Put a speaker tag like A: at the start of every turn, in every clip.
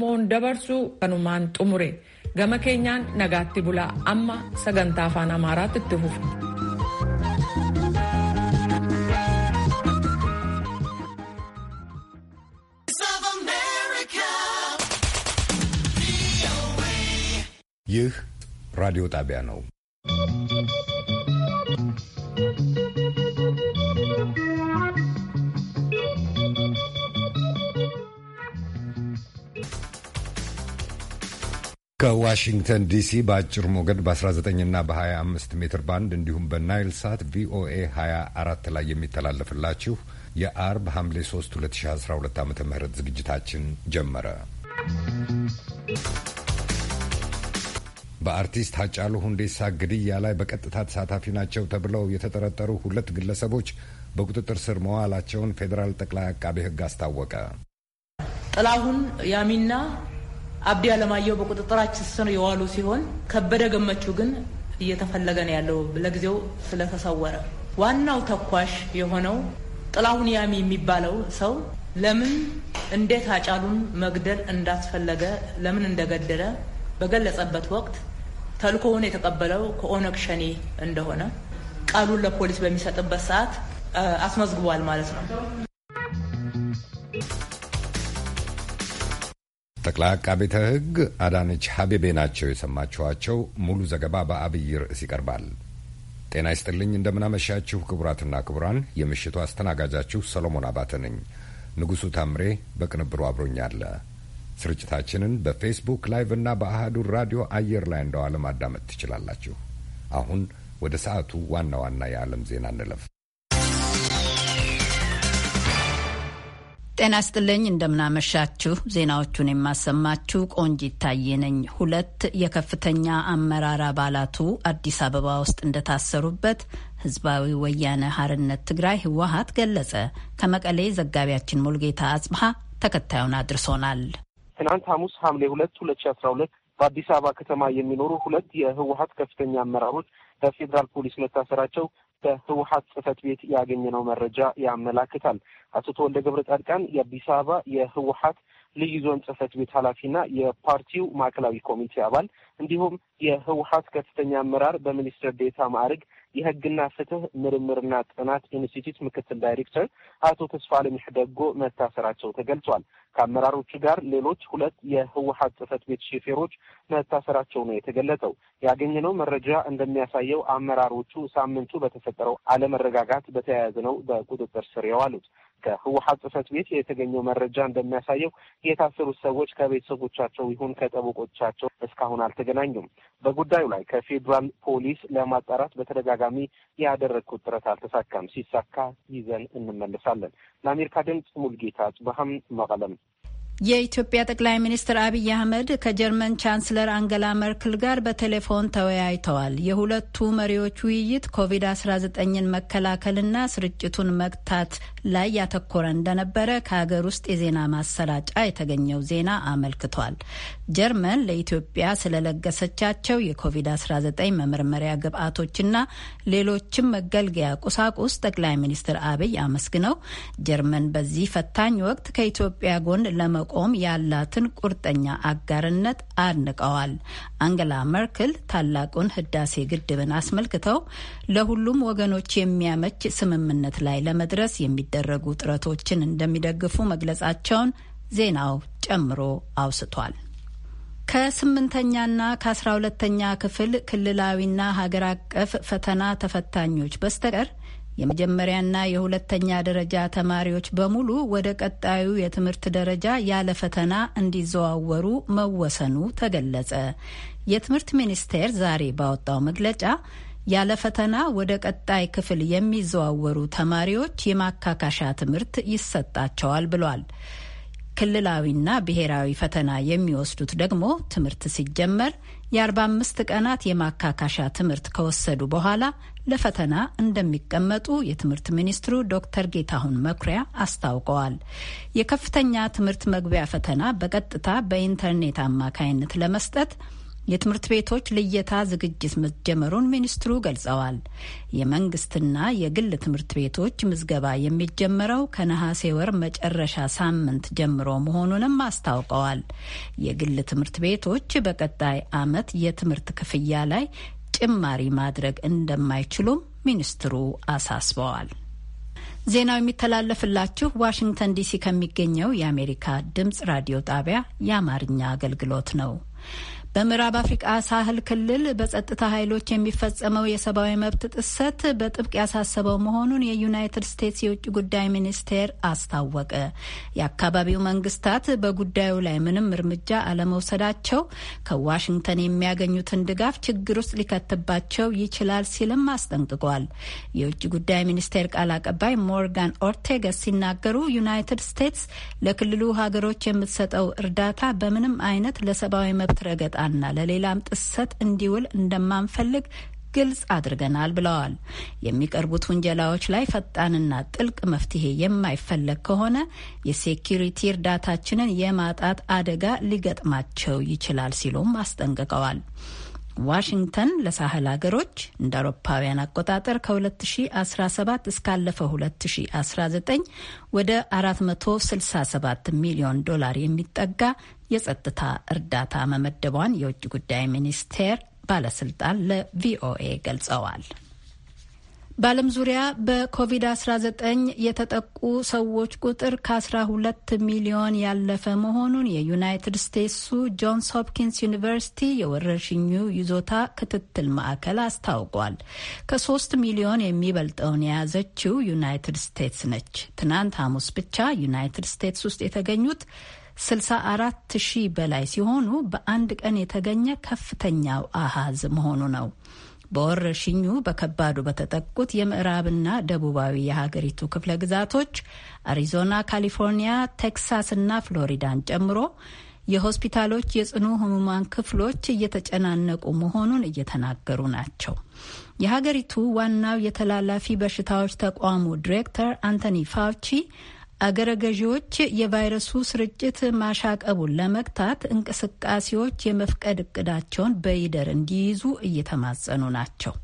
A: Moon dabarsuu kanumaan xumure gama keenyaan nagaatti bulaa amma sagantaa afaan amaaraatti itti fufu.
B: ይህ ራዲዮ ከዋሽንግተን ዲሲ በአጭር ሞገድ በ19 እና በ25 ሜትር ባንድ እንዲሁም በናይል ሳት ቪኦኤ 24 ላይ የሚተላለፍላችሁ የአርብ ሐምሌ 3 2012 ዓ ም ዝግጅታችን ጀመረ። በአርቲስት ሃጫሉ ሁንዴሳ ግድያ ላይ በቀጥታ ተሳታፊ ናቸው ተብለው የተጠረጠሩ ሁለት ግለሰቦች በቁጥጥር ስር መዋላቸውን ፌዴራል ጠቅላይ አቃቤ ሕግ አስታወቀ።
C: ጥላሁን ያሚና አብዲ አለማየሁ በቁጥጥራችን ስር የዋሉ ሲሆን ከበደ ገመቹ ግን እየተፈለገ ነው ያለው ለጊዜው ስለተሰወረ። ዋናው ተኳሽ የሆነው ጥላሁን ያሚ የሚባለው ሰው ለምን እንዴት አጫሉን መግደል እንዳስፈለገ ለምን እንደገደለ በገለጸበት ወቅት ተልኮውን የተቀበለው ከኦነግ ሸኔ እንደሆነ ቃሉን ለፖሊስ በሚሰጥበት ሰዓት አስመዝግቧል ማለት ነው።
B: ጠቅላይ አቃቤተ ሕግ አዳነች ሀቤቤ ናቸው የሰማችኋቸው። ሙሉ ዘገባ በአብይ ርዕስ ይቀርባል። ጤና ይስጥልኝ፣ እንደምናመሻችሁ ክቡራትና ክቡራን። የምሽቱ አስተናጋጃችሁ ሰሎሞን አባተ ነኝ። ንጉሡ ታምሬ በቅንብሩ አብሮኛለ። ስርጭታችንን በፌስቡክ ላይቭ እና በአህዱ ራዲዮ አየር ላይ እንደዋለ ማዳመጥ ትችላላችሁ። አሁን ወደ ሰዓቱ ዋና ዋና የዓለም ዜና እንለፍ።
D: ጤና ስጥልኝ እንደምናመሻችሁ። ዜናዎቹን የማሰማችሁ ቆንጅ ይታየ ነኝ። ሁለት የከፍተኛ አመራር አባላቱ አዲስ አበባ ውስጥ እንደታሰሩበት ህዝባዊ ወያነ ሀርነት ትግራይ ህወሀት ገለጸ። ከመቀሌ ዘጋቢያችን ሙልጌታ አጽብሃ ተከታዩን አድርሶናል።
E: ትናንት ሐሙስ ሐምሌ ሁለት ሁለት ሺ አስራ ሁለት በአዲስ አበባ ከተማ የሚኖሩ ሁለት የህወሀት ከፍተኛ አመራሮች በፌዴራል ፖሊስ መታሰራቸው ከህወሀት ጽህፈት ቤት ያገኘነው መረጃ ያመላክታል። አቶ ተወልደ ገብረ ጻድቃን የአዲስ አበባ የህወሀት ልዩ ዞን ጽህፈት ቤት ኃላፊና የፓርቲው ማዕከላዊ ኮሚቴ አባል እንዲሁም የህወሀት ከፍተኛ አመራር በሚኒስትር ዴታ ማዕርግ የህግና ፍትህ ምርምርና ጥናት ኢንስቲትዩት ምክትል ዳይሬክተር አቶ ተስፋለሚሽ ደጎ መታሰራቸው ተገልጿል። ከአመራሮቹ ጋር ሌሎች ሁለት የህወሀት ጽህፈት ቤት ሾፌሮች መታሰራቸው ነው የተገለጸው። ያገኘነው መረጃ እንደሚያሳየው አመራሮቹ ሳምንቱ በተፈጠረው አለመረጋጋት በተያያዘ ነው በቁጥጥር ስር የዋሉት። ከህወሀት ጽህፈት ቤት የተገኘው መረጃ እንደሚያሳየው የታሰሩት ሰዎች ከቤተሰቦቻቸው ይሁን ከጠበቆቻቸው እስካሁን አልተገናኙም። በጉዳዩ ላይ ከፌዴራል ፖሊስ ለማጣራት በተደጋጋሚ ያደረግኩት ጥረት አልተሳካም። ሲሳካ ይዘን እንመለሳለን። ለአሜሪካ ድምፅ ሙልጌታ ጽባህም መቀለም
D: የኢትዮጵያ ጠቅላይ ሚኒስትር አብይ አህመድ ከጀርመን ቻንስለር አንገላ መርክል ጋር በቴሌፎን ተወያይተዋል። የሁለቱ መሪዎች ውይይት ኮቪድ-19ን መከላከልና ስርጭቱን መግታት ላይ ያተኮረ እንደነበረ ከሀገር ውስጥ የዜና ማሰራጫ የተገኘው ዜና አመልክቷል። ጀርመን ለኢትዮጵያ ስለለገሰቻቸው የኮቪድ-19 መመርመሪያ ግብዓቶችና ሌሎችም መገልገያ ቁሳቁስ ጠቅላይ ሚኒስትር አብይ አመስግነው ጀርመን በዚህ ፈታኝ ወቅት ከኢትዮጵያ ጎን ለመ ለመቆም ያላትን ቁርጠኛ አጋርነት አድንቀዋል። አንገላ መርክል ታላቁን ህዳሴ ግድብን አስመልክተው ለሁሉም ወገኖች የሚያመች ስምምነት ላይ ለመድረስ የሚደረጉ ጥረቶችን እንደሚደግፉ መግለጻቸውን ዜናው ጨምሮ አውስቷል። ከስምንተኛና ከአስራ ሁለተኛ ክፍል ክልላዊና ሀገር አቀፍ ፈተና ተፈታኞች በስተቀር የመጀመሪያና የሁለተኛ ደረጃ ተማሪዎች በሙሉ ወደ ቀጣዩ የትምህርት ደረጃ ያለ ፈተና እንዲዘዋወሩ መወሰኑ ተገለጸ። የትምህርት ሚኒስቴር ዛሬ ባወጣው መግለጫ ያለ ፈተና ወደ ቀጣይ ክፍል የሚዘዋወሩ ተማሪዎች የማካካሻ ትምህርት ይሰጣቸዋል ብሏል። ክልላዊና ብሔራዊ ፈተና የሚወስዱት ደግሞ ትምህርት ሲጀመር የ45 ቀናት የማካካሻ ትምህርት ከወሰዱ በኋላ ለፈተና እንደሚቀመጡ የትምህርት ሚኒስትሩ ዶክተር ጌታሁን መኩሪያ አስታውቀዋል። የከፍተኛ ትምህርት መግቢያ ፈተና በቀጥታ በኢንተርኔት አማካይነት ለመስጠት የትምህርት ቤቶች ልየታ ዝግጅት መጀመሩን ሚኒስትሩ ገልጸዋል። የመንግስትና የግል ትምህርት ቤቶች ምዝገባ የሚጀመረው ከነሐሴ ወር መጨረሻ ሳምንት ጀምሮ መሆኑንም አስታውቀዋል። የግል ትምህርት ቤቶች በቀጣይ ዓመት የትምህርት ክፍያ ላይ ጭማሪ ማድረግ እንደማይችሉም ሚኒስትሩ አሳስበዋል። ዜናው የሚተላለፍላችሁ ዋሽንግተን ዲሲ ከሚገኘው የአሜሪካ ድምጽ ራዲዮ ጣቢያ የአማርኛ አገልግሎት ነው። በምዕራብ አፍሪቃ ሳህል ክልል በጸጥታ ኃይሎች የሚፈጸመው የሰብአዊ መብት ጥሰት በጥብቅ ያሳሰበው መሆኑን የዩናይትድ ስቴትስ የውጭ ጉዳይ ሚኒስቴር አስታወቀ። የአካባቢው መንግስታት በጉዳዩ ላይ ምንም እርምጃ አለመውሰዳቸው ከዋሽንግተን የሚያገኙትን ድጋፍ ችግር ውስጥ ሊከትባቸው ይችላል ሲልም አስጠንቅቋል። የውጭ ጉዳይ ሚኒስቴር ቃል አቀባይ ሞርጋን ኦርቴገስ ሲናገሩ ዩናይትድ ስቴትስ ለክልሉ ሀገሮች የምትሰጠው እርዳታ በምንም አይነት ለሰብአዊ መብት ረገጣ ለስልጣንና ለሌላም ጥሰት እንዲውል እንደማንፈልግ ግልጽ አድርገናል ብለዋል። የሚቀርቡት ውንጀላዎች ላይ ፈጣንና ጥልቅ መፍትሄ የማይፈለግ ከሆነ የሴኪሪቲ እርዳታችንን የማጣት አደጋ ሊገጥማቸው ይችላል ሲሉም አስጠንቅቀዋል። ዋሽንግተን ለሳህል ሀገሮች እንደ አውሮፓውያን አቆጣጠር ከ2017 እስካለፈው 2019 ወደ 467 ሚሊዮን ዶላር የሚጠጋ የጸጥታ እርዳታ መመደቧን የውጭ ጉዳይ ሚኒስቴር ባለስልጣን ለቪኦኤ ገልጸዋል። በዓለም ዙሪያ በኮቪድ-19 የተጠቁ ሰዎች ቁጥር ከ12 ሚሊዮን ያለፈ መሆኑን የዩናይትድ ስቴትሱ ጆንስ ሆፕኪንስ ዩኒቨርሲቲ የወረርሽኙ ይዞታ ክትትል ማዕከል አስታውቋል። ከ3 ሚሊዮን የሚበልጠውን የያዘችው ዩናይትድ ስቴትስ ነች። ትናንት ሐሙስ ብቻ ዩናይትድ ስቴትስ ውስጥ የተገኙት 64 ሺህ በላይ ሲሆኑ በአንድ ቀን የተገኘ ከፍተኛው አሃዝ መሆኑ ነው። በወረርሽኙ በከባዱ በተጠቁት የምዕራብና ደቡባዊ የሀገሪቱ ክፍለ ግዛቶች አሪዞና፣ ካሊፎርኒያ፣ ቴክሳስ እና ፍሎሪዳን ጨምሮ የሆስፒታሎች የጽኑ ህሙማን ክፍሎች እየተጨናነቁ መሆኑን እየተናገሩ ናቸው። የሀገሪቱ ዋናው የተላላፊ በሽታዎች ተቋሙ ዲሬክተር አንቶኒ ፋውቺ አገረ ገዢዎች የቫይረሱ ስርጭት ማሻቀቡን ለመግታት እንቅስቃሴዎች የመፍቀድ እቅዳቸውን በይደር እንዲይዙ እየተማጸኑ ናቸው።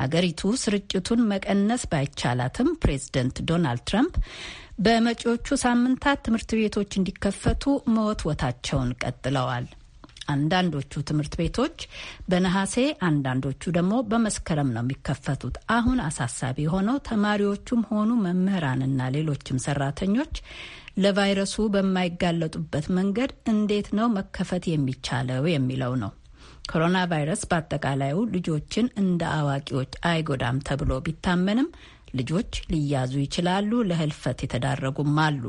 D: ሀገሪቱ ስርጭቱን መቀነስ ባይቻላትም ፕሬዝደንት ዶናልድ ትራምፕ በመጪዎቹ ሳምንታት ትምህርት ቤቶች እንዲከፈቱ መወትወታቸውን ቀጥለዋል። አንዳንዶቹ ትምህርት ቤቶች በነሐሴ አንዳንዶቹ ደግሞ በመስከረም ነው የሚከፈቱት። አሁን አሳሳቢ የሆነው ተማሪዎቹም ሆኑ መምህራንና ሌሎችም ሰራተኞች ለቫይረሱ በማይጋለጡበት መንገድ እንዴት ነው መከፈት የሚቻለው የሚለው ነው። ኮሮና ቫይረስ በአጠቃላዩ ልጆችን እንደ አዋቂዎች አይጎዳም ተብሎ ቢታመንም ልጆች ሊያዙ ይችላሉ፣ ለህልፈት የተዳረጉም አሉ።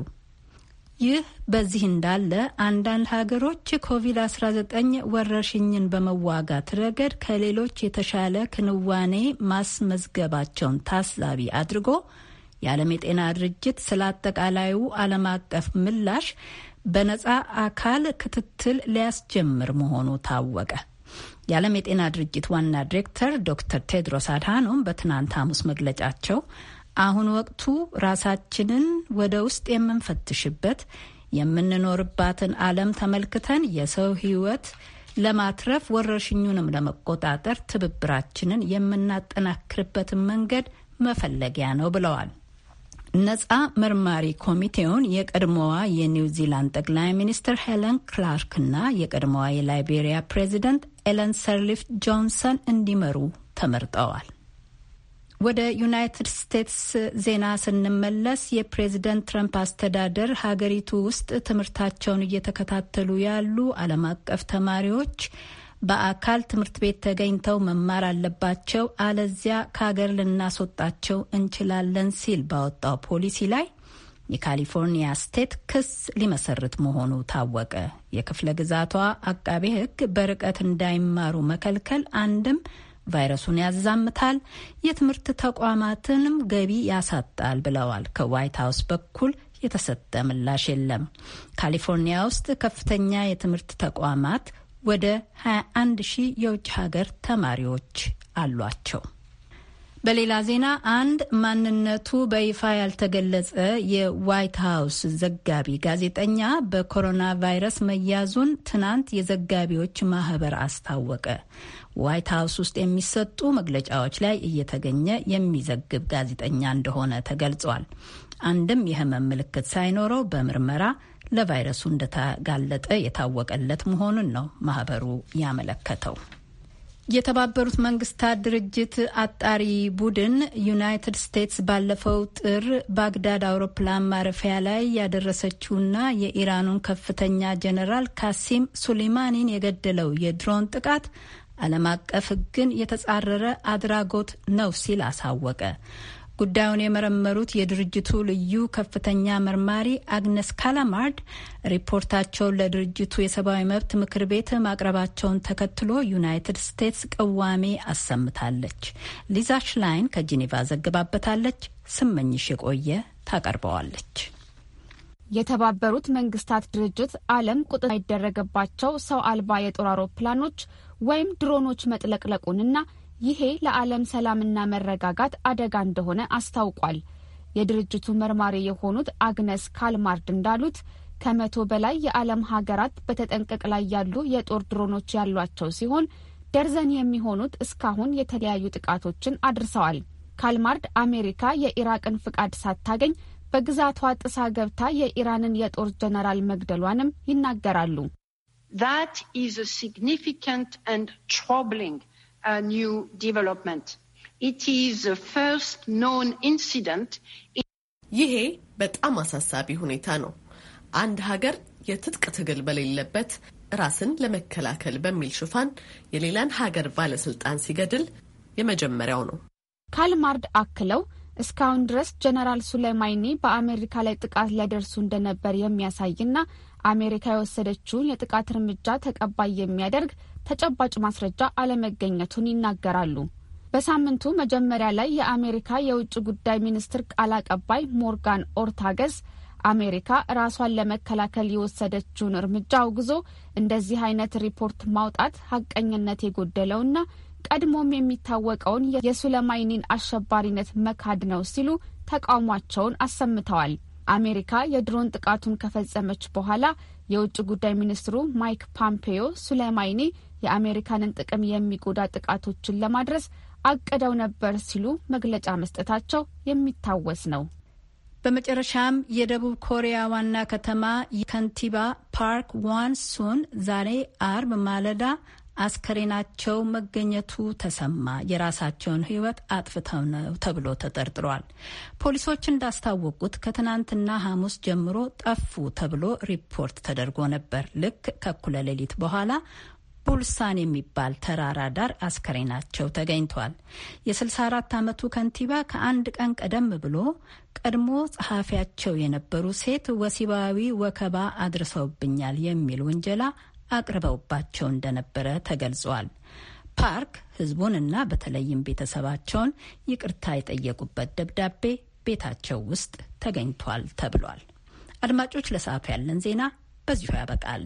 D: ይህ በዚህ እንዳለ አንዳንድ ሀገሮች ኮቪድ-19 ወረርሽኝን በመዋጋት ረገድ ከሌሎች የተሻለ ክንዋኔ ማስመዝገባቸውን ታሳቢ አድርጎ የዓለም የጤና ድርጅት ስለ አጠቃላዩ ዓለም አቀፍ ምላሽ በነፃ አካል ክትትል ሊያስጀምር መሆኑ ታወቀ። የዓለም የጤና ድርጅት ዋና ዲሬክተር ዶክተር ቴድሮስ አድሃኖም በትናንት ሐሙስ መግለጫቸው አሁን ወቅቱ ራሳችንን ወደ ውስጥ የምንፈትሽበት የምንኖርባትን ዓለም ተመልክተን የሰው ሕይወት ለማትረፍ ወረርሽኙንም ለመቆጣጠር ትብብራችንን የምናጠናክርበትን መንገድ መፈለጊያ ነው ብለዋል። ነጻ መርማሪ ኮሚቴውን የቀድሞዋ የኒው ዚላንድ ጠቅላይ ሚኒስትር ሄለን ክላርክና የቀድሞዋ የላይቤሪያ ፕሬዚደንት ኤለን ሰርሊፍ ጆንሰን እንዲመሩ ተመርጠዋል። ወደ ዩናይትድ ስቴትስ ዜና ስንመለስ የፕሬዝደንት ትራምፕ አስተዳደር ሀገሪቱ ውስጥ ትምህርታቸውን እየተከታተሉ ያሉ ዓለም አቀፍ ተማሪዎች በአካል ትምህርት ቤት ተገኝተው መማር አለባቸው፣ አለዚያ ከሀገር ልናስወጣቸው እንችላለን ሲል ባወጣው ፖሊሲ ላይ የካሊፎርኒያ ስቴት ክስ ሊመሰርት መሆኑ ታወቀ። የክፍለ ግዛቷ አቃቤ ሕግ በርቀት እንዳይማሩ መከልከል አንድም ቫይረሱን ያዛምታል፣ የትምህርት ተቋማትንም ገቢ ያሳጣል ብለዋል። ከዋይት ሀውስ በኩል የተሰጠ ምላሽ የለም። ካሊፎርኒያ ውስጥ ከፍተኛ የትምህርት ተቋማት ወደ 21 ሺህ የውጭ ሀገር ተማሪዎች አሏቸው። በሌላ ዜና አንድ ማንነቱ በይፋ ያልተገለጸ የዋይት ሀውስ ዘጋቢ ጋዜጠኛ በኮሮና ቫይረስ መያዙን ትናንት የዘጋቢዎች ማህበር አስታወቀ። ዋይት ሀውስ ውስጥ የሚሰጡ መግለጫዎች ላይ እየተገኘ የሚዘግብ ጋዜጠኛ እንደሆነ ተገልጿል። አንድም የህመም ምልክት ሳይኖረው በምርመራ ለቫይረሱ እንደተጋለጠ የታወቀለት መሆኑን ነው ማህበሩ ያመለከተው። የተባበሩት መንግስታት ድርጅት አጣሪ ቡድን ዩናይትድ ስቴትስ ባለፈው ጥር ባግዳድ አውሮፕላን ማረፊያ ላይ ያደረሰችውና የኢራኑን ከፍተኛ ጀኔራል ካሲም ሱሌማኒን የገደለው የድሮን ጥቃት ዓለም አቀፍ ሕግን የተጻረረ አድራጎት ነው ሲል አሳወቀ። ጉዳዩን የመረመሩት የድርጅቱ ልዩ ከፍተኛ መርማሪ አግነስ ካላማርድ ሪፖርታቸውን ለድርጅቱ የሰብአዊ መብት ምክር ቤት ማቅረባቸውን ተከትሎ ዩናይትድ ስቴትስ ቅዋሜ አሰምታለች። ሊዛ ሽላይን ከጂኔቫ ዘግባበታለች። ስመኝሽ የቆየ ታቀርበዋለች።
F: የተባበሩት መንግስታት ድርጅት ዓለም ቁጥጥር የማይደረግባቸው ሰው አልባ የጦር አውሮፕላኖች ወይም ድሮኖች መጥለቅለቁንና ይሄ ለዓለም ሰላምና መረጋጋት አደጋ እንደሆነ አስታውቋል። የድርጅቱ መርማሪ የሆኑት አግነስ ካልማርድ እንዳሉት ከመቶ በላይ የዓለም ሀገራት በተጠንቀቅ ላይ ያሉ የጦር ድሮኖች ያሏቸው ሲሆን ደርዘን የሚሆኑት እስካሁን የተለያዩ ጥቃቶችን አድርሰዋል። ካልማርድ አሜሪካ የኢራቅን ፍቃድ ሳታገኝ በግዛቷ ጥሳ ገብታ የኢራንን የጦር ጀነራል መግደሏንም ይናገራሉ።
A: That is a significant and troubling uh, new development.
G: It is the first known incident. ይሄ በጣም አሳሳቢ ሁኔታ ነው። አንድ ሀገር የትጥቅ ትግል በሌለበት ራስን ለመከላከል በሚል ሽፋን የሌላን ሀገር ባለስልጣን ሲገድል የመጀመሪያው ነው።
F: ካልማርድ አክለው እስካሁን ድረስ ጀነራል ሱሌማኒ በአሜሪካ ላይ ጥቃት ሊያደርሱ እንደነበር የሚያሳይና አሜሪካ የወሰደችውን የጥቃት እርምጃ ተቀባይ የሚያደርግ ተጨባጭ ማስረጃ አለመገኘቱን ይናገራሉ። በሳምንቱ መጀመሪያ ላይ የአሜሪካ የውጭ ጉዳይ ሚኒስትር ቃል አቀባይ ሞርጋን ኦርታገስ አሜሪካ ራሷን ለመከላከል የወሰደችውን እርምጃ አውግዞ እንደዚህ አይነት ሪፖርት ማውጣት ሀቀኝነት የጎደለውና ቀድሞም የሚታወቀውን የሱለማይኒን አሸባሪነት መካድ ነው ሲሉ ተቃውሟቸውን አሰምተዋል። አሜሪካ የድሮን ጥቃቱን ከፈጸመች በኋላ የውጭ ጉዳይ ሚኒስትሩ ማይክ ፓምፔዮ ሱሌማኒ የአሜሪካንን ጥቅም የሚጎዳ ጥቃቶችን ለማድረስ አቅደው ነበር ሲሉ መግለጫ መስጠታቸው የሚታወስ ነው። በመጨረሻም
D: የደቡብ ኮሪያ ዋና ከተማ ከንቲባ ፓርክ ዋን ሱን ዛሬ አርብ ማለዳ አስከሬናቸው መገኘቱ ተሰማ። የራሳቸውን ሕይወት አጥፍተው ነው ተብሎ ተጠርጥሯል። ፖሊሶች እንዳስታወቁት ከትናንትና ሐሙስ ጀምሮ ጠፉ ተብሎ ሪፖርት ተደርጎ ነበር። ልክ ከኩለ ሌሊት በኋላ ቡልሳን የሚባል ተራራ ዳር አስከሬናቸው ተገኝቷል። የ64 ዓመቱ ከንቲባ ከአንድ ቀን ቀደም ብሎ ቀድሞ ጸሐፊያቸው የነበሩ ሴት ወሲባዊ ወከባ አድርሰውብኛል የሚል ውንጀላ አቅርበውባቸው እንደነበረ ተገልጿል። ፓርክ ህዝቡንና በተለይም ቤተሰባቸውን ይቅርታ የጠየቁበት ደብዳቤ ቤታቸው ውስጥ ተገኝቷል ተብሏል። አድማጮች፣ ለሰዓቱ ያለን ዜና በዚሁ ያበቃል።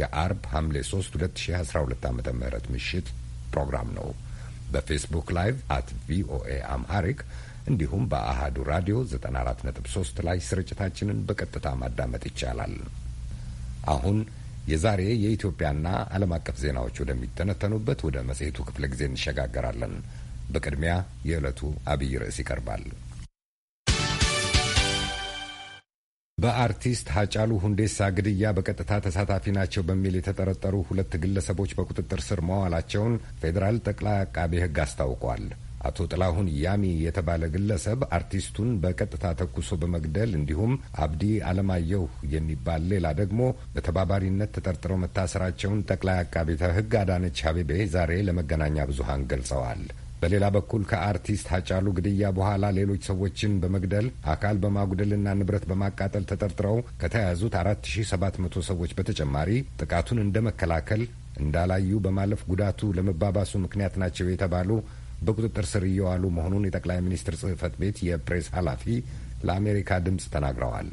B: የአርብ ሐምሌ 3 2012 ዓ ም ምሽት ፕሮግራም ነው። በፌስቡክ ላይቭ አት ቪኦኤ አምሃሪክ እንዲሁም በአሃዱ ራዲዮ 94.3 ላይ ስርጭታችንን በቀጥታ ማዳመጥ ይቻላል። አሁን የዛሬ የኢትዮጵያና ዓለም አቀፍ ዜናዎች ወደሚተነተኑበት ወደ መጽሔቱ ክፍለ ጊዜ እንሸጋገራለን። በቅድሚያ የዕለቱ አብይ ርዕስ ይቀርባል። በአርቲስት ሀጫሉ ሁንዴሳ ግድያ በቀጥታ ተሳታፊ ናቸው በሚል የተጠረጠሩ ሁለት ግለሰቦች በቁጥጥር ስር መዋላቸውን ፌዴራል ጠቅላይ አቃቤ ሕግ አስታውቋል። አቶ ጥላሁን ያሚ የተባለ ግለሰብ አርቲስቱን በቀጥታ ተኩሶ በመግደል እንዲሁም አብዲ አለማየሁ የሚባል ሌላ ደግሞ በተባባሪነት ተጠርጥረው መታሰራቸውን ጠቅላይ አቃቤ ሕግ አዳነች አቤቤ ዛሬ ለመገናኛ ብዙሃን ገልጸዋል። በሌላ በኩል ከአርቲስት ሀጫሉ ግድያ በኋላ ሌሎች ሰዎችን በመግደል አካል በማጉደልና ንብረት በማቃጠል ተጠርጥረው ከተያዙት 4700 ሰዎች በተጨማሪ ጥቃቱን እንደ መከላከል እንዳላዩ በማለፍ ጉዳቱ ለመባባሱ ምክንያት ናቸው የተባሉ በቁጥጥር ስር እየዋሉ መሆኑን የጠቅላይ ሚኒስትር ጽህፈት ቤት የፕሬስ ኃላፊ ለአሜሪካ ድምፅ ተናግረዋል።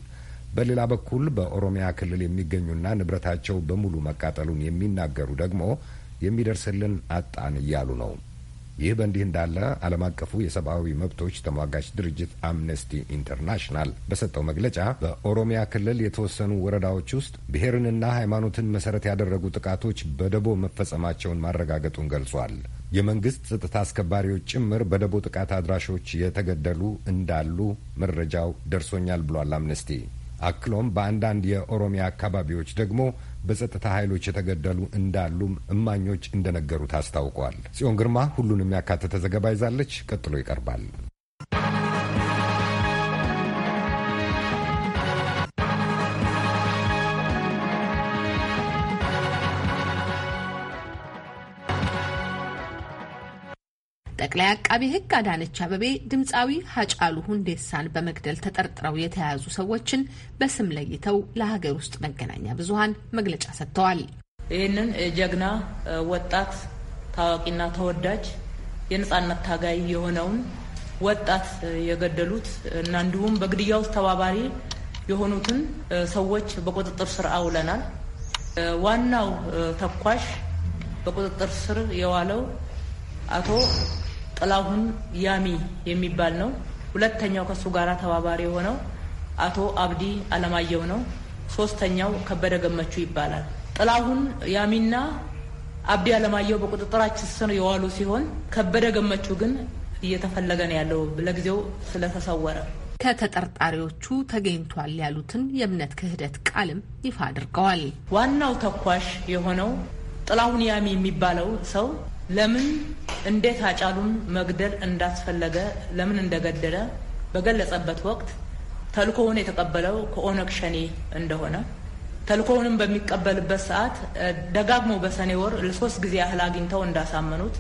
B: በሌላ በኩል በኦሮሚያ ክልል የሚገኙና ንብረታቸው በሙሉ መቃጠሉን የሚናገሩ ደግሞ የሚደርስልን አጣን እያሉ ነው። ይህ በእንዲህ እንዳለ ዓለም አቀፉ የሰብአዊ መብቶች ተሟጋች ድርጅት አምነስቲ ኢንተርናሽናል በሰጠው መግለጫ በኦሮሚያ ክልል የተወሰኑ ወረዳዎች ውስጥ ብሔርንና ሃይማኖትን መሰረት ያደረጉ ጥቃቶች በደቦ መፈጸማቸውን ማረጋገጡን ገልጿል። የመንግስት ጸጥታ አስከባሪዎች ጭምር በደቦ ጥቃት አድራሾች የተገደሉ እንዳሉ መረጃው ደርሶኛል ብሏል አምነስቲ። አክሎም በአንዳንድ የኦሮሚያ አካባቢዎች ደግሞ በጸጥታ ኃይሎች የተገደሉ እንዳሉም እማኞች እንደነገሩት አስታውቋል። ጽዮን ግርማ ሁሉንም ያካተተ ዘገባ ይዛለች። ቀጥሎ ይቀርባል።
H: ጠቅላይ አቃቢ ሕግ አዳነች አበቤ ድምፃዊ ሀጫሉ ሁንዴሳን በመግደል ተጠርጥረው የተያያዙ ሰዎችን በስም ለይተው ለሀገር ውስጥ መገናኛ ብዙኃን መግለጫ
C: ሰጥተዋል። ይህንን ጀግና ወጣት ታዋቂና ተወዳጅ የነጻነት ታጋይ የሆነውን ወጣት የገደሉት እና እንዲሁም በግድያ ውስጥ ተባባሪ የሆኑትን ሰዎች በቁጥጥር ስር አውለናል። ዋናው ተኳሽ በቁጥጥር ስር የዋለው አቶ ጥላሁን ያሚ የሚባል ነው። ሁለተኛው ከእሱ ጋር ተባባሪ የሆነው አቶ አብዲ አለማየሁ ነው። ሶስተኛው ከበደ ገመቹ ይባላል። ጥላሁን ያሚና አብዲ አለማየሁ በቁጥጥራችን ስር የዋሉ ሲሆን ከበደ ገመቹ ግን እየተፈለገ ነው ያለው ለጊዜው ስለተሰወረ።
H: ከተጠርጣሪዎቹ ተገኝቷል ያሉትን የእምነት ክህደት ቃልም ይፋ
C: አድርገዋል። ዋናው ተኳሽ የሆነው ጥላሁን ያሚ የሚባለው ሰው ለምን እንዴት አጫሉን መግደል እንዳስፈለገ ለምን እንደገደለ በገለጸበት ወቅት ተልኮውን የተቀበለው ከኦነግ ሸኔ እንደሆነ ተልኮውንም በሚቀበልበት ሰዓት ደጋግሞ በሰኔ ወር ለሶስት ጊዜ ያህል አግኝተው እንዳሳመኑት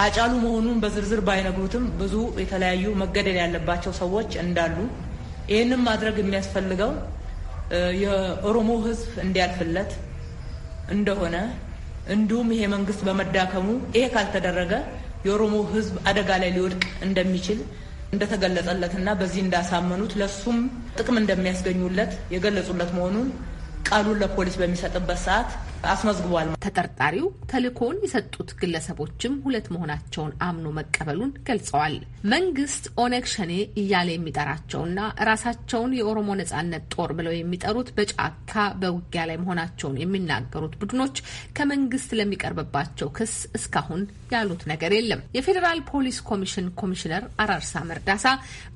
C: ሀጫሉ መሆኑን በዝርዝር ባይነግሩትም ብዙ የተለያዩ መገደል ያለባቸው ሰዎች እንዳሉ ይህንም ማድረግ የሚያስፈልገው የኦሮሞ ሕዝብ እንዲያልፍለት እንደሆነ እንዲሁም ይሄ መንግስት በመዳከሙ ይሄ ካልተደረገ የኦሮሞ ህዝብ አደጋ ላይ ሊወድቅ እንደሚችል እንደተገለጸለትና በዚህ እንዳሳመኑት ለሱም ጥቅም እንደሚያስገኙለት የገለጹለት መሆኑን ቃሉን ለፖሊስ በሚሰጥበት ሰዓት አስመዝግቧል። ተጠርጣሪው ተልእኮውን የሰጡት ግለሰቦችም
H: ሁለት መሆናቸውን አምኖ መቀበሉን ገልጸዋል። መንግስት ኦነግ ሸኔ እያለ የሚጠራቸውና ራሳቸውን የኦሮሞ ነጻነት ጦር ብለው የሚጠሩት በጫካ በውጊያ ላይ መሆናቸውን የሚናገሩት ቡድኖች ከመንግስት ለሚቀርብባቸው ክስ እስካሁን ያሉት ነገር የለም። የፌዴራል ፖሊስ ኮሚሽን ኮሚሽነር አራርሳ መርዳሳ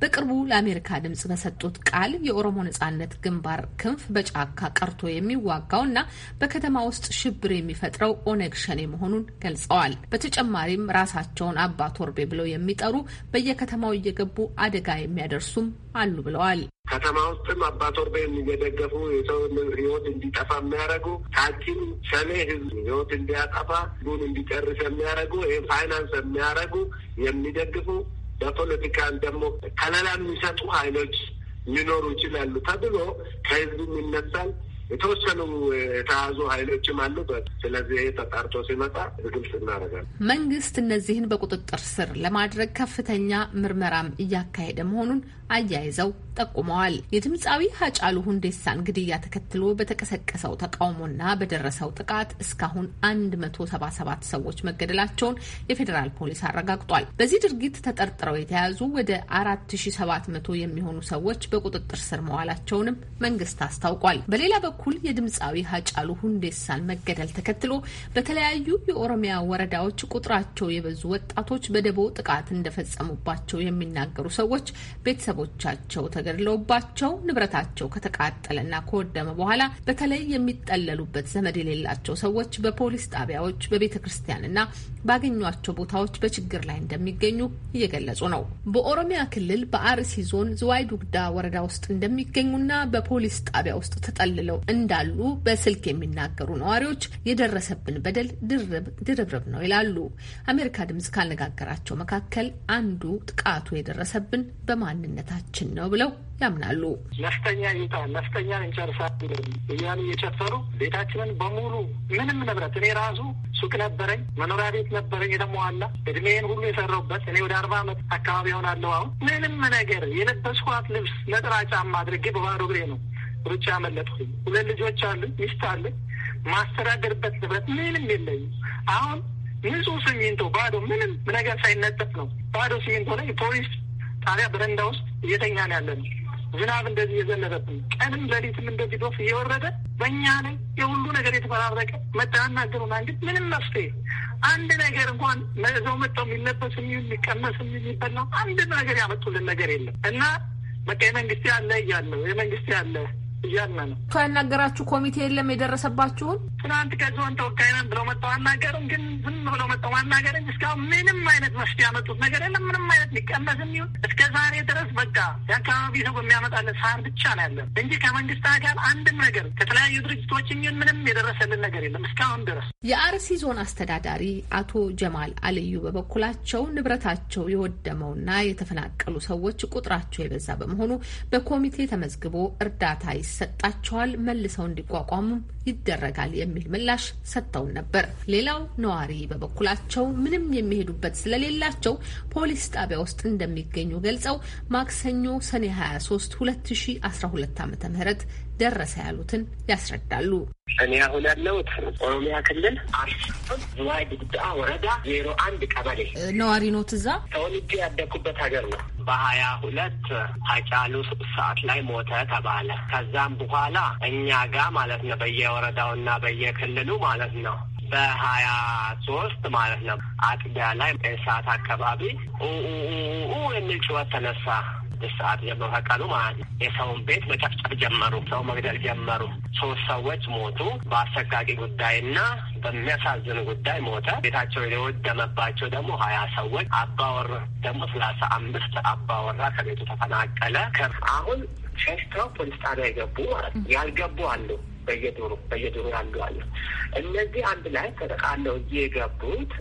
H: በቅርቡ ለአሜሪካ ድምጽ በሰጡት ቃል የኦሮሞ ነጻነት ግንባር ክንፍ በጫካ ቀርቶ የሚዋጋውና በከተማ ውስጥ ሽብር የሚፈጥረው ኦነግ ሸኔ መሆኑን ገልጸዋል። በተጨማሪም ራሳቸውን አባ ቶርቤ ብለው የሚጠሩ በየከተማው እየገቡ አደጋ የሚያደርሱም አሉ ብለዋል።
I: ከተማ ውስጥም አባ ቶርቤን እየደገፉ የሰው ህይወት እንዲጠፋ የሚያደርጉ ታኪም ሸኔ ህዝብ ህይወት እንዲያጠፋ ህዝቡን እንዲጨርስ የሚያደርጉ ይህ ፋይናንስ የሚያደርጉ የሚደግፉ በፖለቲካን ደግሞ ከለላ የሚሰጡ ሀይሎች ሊኖሩ ይችላሉ ተብሎ ከህዝብም ይነሳል። የተወሰኑ የተያዙ ኃይሎችም አሉ። ስለዚህ ተጣርቶ ሲመጣ ግልጽ እናደርጋለን።
H: መንግስት እነዚህን በቁጥጥር ስር ለማድረግ ከፍተኛ ምርመራም እያካሄደ መሆኑን አያይዘው ጠቁመዋል። የድምፃዊ ሀጫሉ ሁንዴሳን ግድያ ተከትሎ በተቀሰቀሰው ተቃውሞና በደረሰው ጥቃት እስካሁን 177 ሰዎች መገደላቸውን የፌዴራል ፖሊስ አረጋግጧል። በዚህ ድርጊት ተጠርጥረው የተያዙ ወደ 4700 የሚሆኑ ሰዎች በቁጥጥር ስር መዋላቸውንም መንግስት አስታውቋል። በሌላ በኩል በኩል የድምፃዊ ሀጫሉ ሁንዴሳን መገደል ተከትሎ በተለያዩ የኦሮሚያ ወረዳዎች ቁጥራቸው የበዙ ወጣቶች በደቦ ጥቃት እንደፈጸሙባቸው የሚናገሩ ሰዎች ቤተሰቦቻቸው ተገድለውባቸው ንብረታቸው ከተቃጠለና ከወደመ በኋላ በተለይ የሚጠለሉበት ዘመድ የሌላቸው ሰዎች በፖሊስ ጣቢያዎች፣ በቤተ ክርስቲያንና ባገኟቸው ቦታዎች በችግር ላይ እንደሚገኙ እየገለጹ ነው። በኦሮሚያ ክልል በአርሲ ዞን ዝዋይ ዱግዳ ወረዳ ውስጥ እንደሚገኙና በፖሊስ ጣቢያ ውስጥ ተጠልለው እንዳሉ በስልክ የሚናገሩ ነዋሪዎች የደረሰብን በደል ድርብርብ ነው ይላሉ። አሜሪካ ድምጽ ካነጋገራቸው መካከል አንዱ ጥቃቱ የደረሰብን በማንነታችን ነው ብለው ያምናሉ።
I: ነፍጠኛ ይውጣ፣ ነፍጠኛ እንጨርሳለን እያሉ እየጨፈሩ ቤታችንን በሙሉ ምንም ንብረት እኔ ራሱ ሱቅ ነበረኝ፣ መኖሪያ ቤት ነበረኝ የተሟላ እድሜን ሁሉ የሰራሁበት እኔ ወደ አርባ ዓመት አካባቢ ሆናለሁ። አሁን ምንም ነገር የለበስኳት ልብስ ነጠላ ጫማ አድርጌ በባዶ እግሬ ነው ሩጫ ያመለጥኩኝ። ሁለት ልጆች አሉ፣ ሚስት አለ፣ ማስተዳደርበት ንብረት ምንም የለኝም። አሁን ንጹህ ስሚንቶ ባዶ ምንም ነገር ሳይነጠፍ ነው ባዶ ስሚንቶ ላይ ፖሊስ ጣቢያ በረንዳ ውስጥ እየተኛን ያለ ነው። ዝናብ እንደዚህ የዘነበብን ቀንም ሌሊትም እንደዚህ ዶፍ እየወረደ በእኛ ላይ የሁሉ ነገር የተፈራረቀ መጠናናገሩ ያናገሩን ምንም መፍትሄ አንድ ነገር እንኳን መዘው መጣው የሚለበስ የሚቀመስ የሚበላው አንድ ነገር ያመጡልን ነገር የለም እና በቃ የመንግስት ያለ እያለው የመንግስት ያለ እያለ ነው
H: እሱ። ያናገራችሁ ኮሚቴ የለም? የደረሰባችሁን
I: ትናንት ከዞን ተወካይ ነን ብለው መጠው አናገሩን፣ ግን ዝም ብለው መጠው አናገሩን። እስካሁን ምንም አይነት መፍትሄ ያመጡት ነገር የለም። ምንም አይነት ሊቀመስ የሚሆን እስከ ዛሬ ድረስ በቃ የአካባቢ ሰው የሚያመጣለን ሳር ብቻ ነው ያለን እንጂ ከመንግስት አካል አንድም ነገር ከተለያዩ ድርጅቶች የሚሆን ምንም የደረሰልን ነገር የለም እስካሁን ድረስ።
H: የአርሲ ዞን አስተዳዳሪ አቶ ጀማል አልዩ በበኩላቸው ንብረታቸው የወደመውና የተፈናቀሉ ሰዎች ቁጥራቸው የበዛ በመሆኑ በኮሚቴ ተመዝግቦ እርዳታ ይስ ይሰጣቸዋል፣ መልሰው እንዲቋቋሙም ይደረጋል የሚል ምላሽ ሰጥተውን ነበር። ሌላው ነዋሪ በበኩላቸው ምንም የሚሄዱበት ስለሌላቸው ፖሊስ ጣቢያ ውስጥ እንደሚገኙ ገልጸው ማክሰኞ ሰኔ 23 2012 ዓ ም ደረሰ ያሉትን ያስረዳሉ።
J: እኔ አሁን ያለሁት ኦሮሚያ ክልል አርሲ ዝዋይ ድጉዳአ ወረዳ ዜሮ አንድ ቀበሌ
H: ነዋሪ ኖት። እዛ
J: ተወልጄ ያደግኩበት ሀገር ነው።
H: በሀያ ሁለት
J: አጫሉ ሰዓት ላይ ሞተ ተባለ። ከዛም በኋላ እኛ ጋ ማለት ነው በየወረዳው በየወረዳውና በየክልሉ ማለት ነው በሀያ ሶስት ማለት ነው አጥቢያ ላይ ሰዓት አካባቢ የሚል ጩኸት ተነሳ። ስድስት ሰዓት ጀምሮ ከቀኑ ማለት ነው የሰውን ቤት መጨፍጨፍ ጀመሩ። ሰው መግደል ጀመሩ። ሶስት ሰዎች ሞቱ። በአሰቃቂ ጉዳይና በሚያሳዝን ጉዳይ ሞተ። ቤታቸው የወደመባቸው ደግሞ ሀያ ሰዎች አባወራ ደግሞ ሰላሳ አምስት አባወራ ከቤቱ ተፈናቀለ። አሁን ሸሽተው ፖሊስ ጣቢያ የገቡ ማለት ነው ያልገቡ አሉ በየዶሩ በየዶሩ ያሉ አሉ። እነዚህ አንድ ላይ ተጠቃለው እየገቡት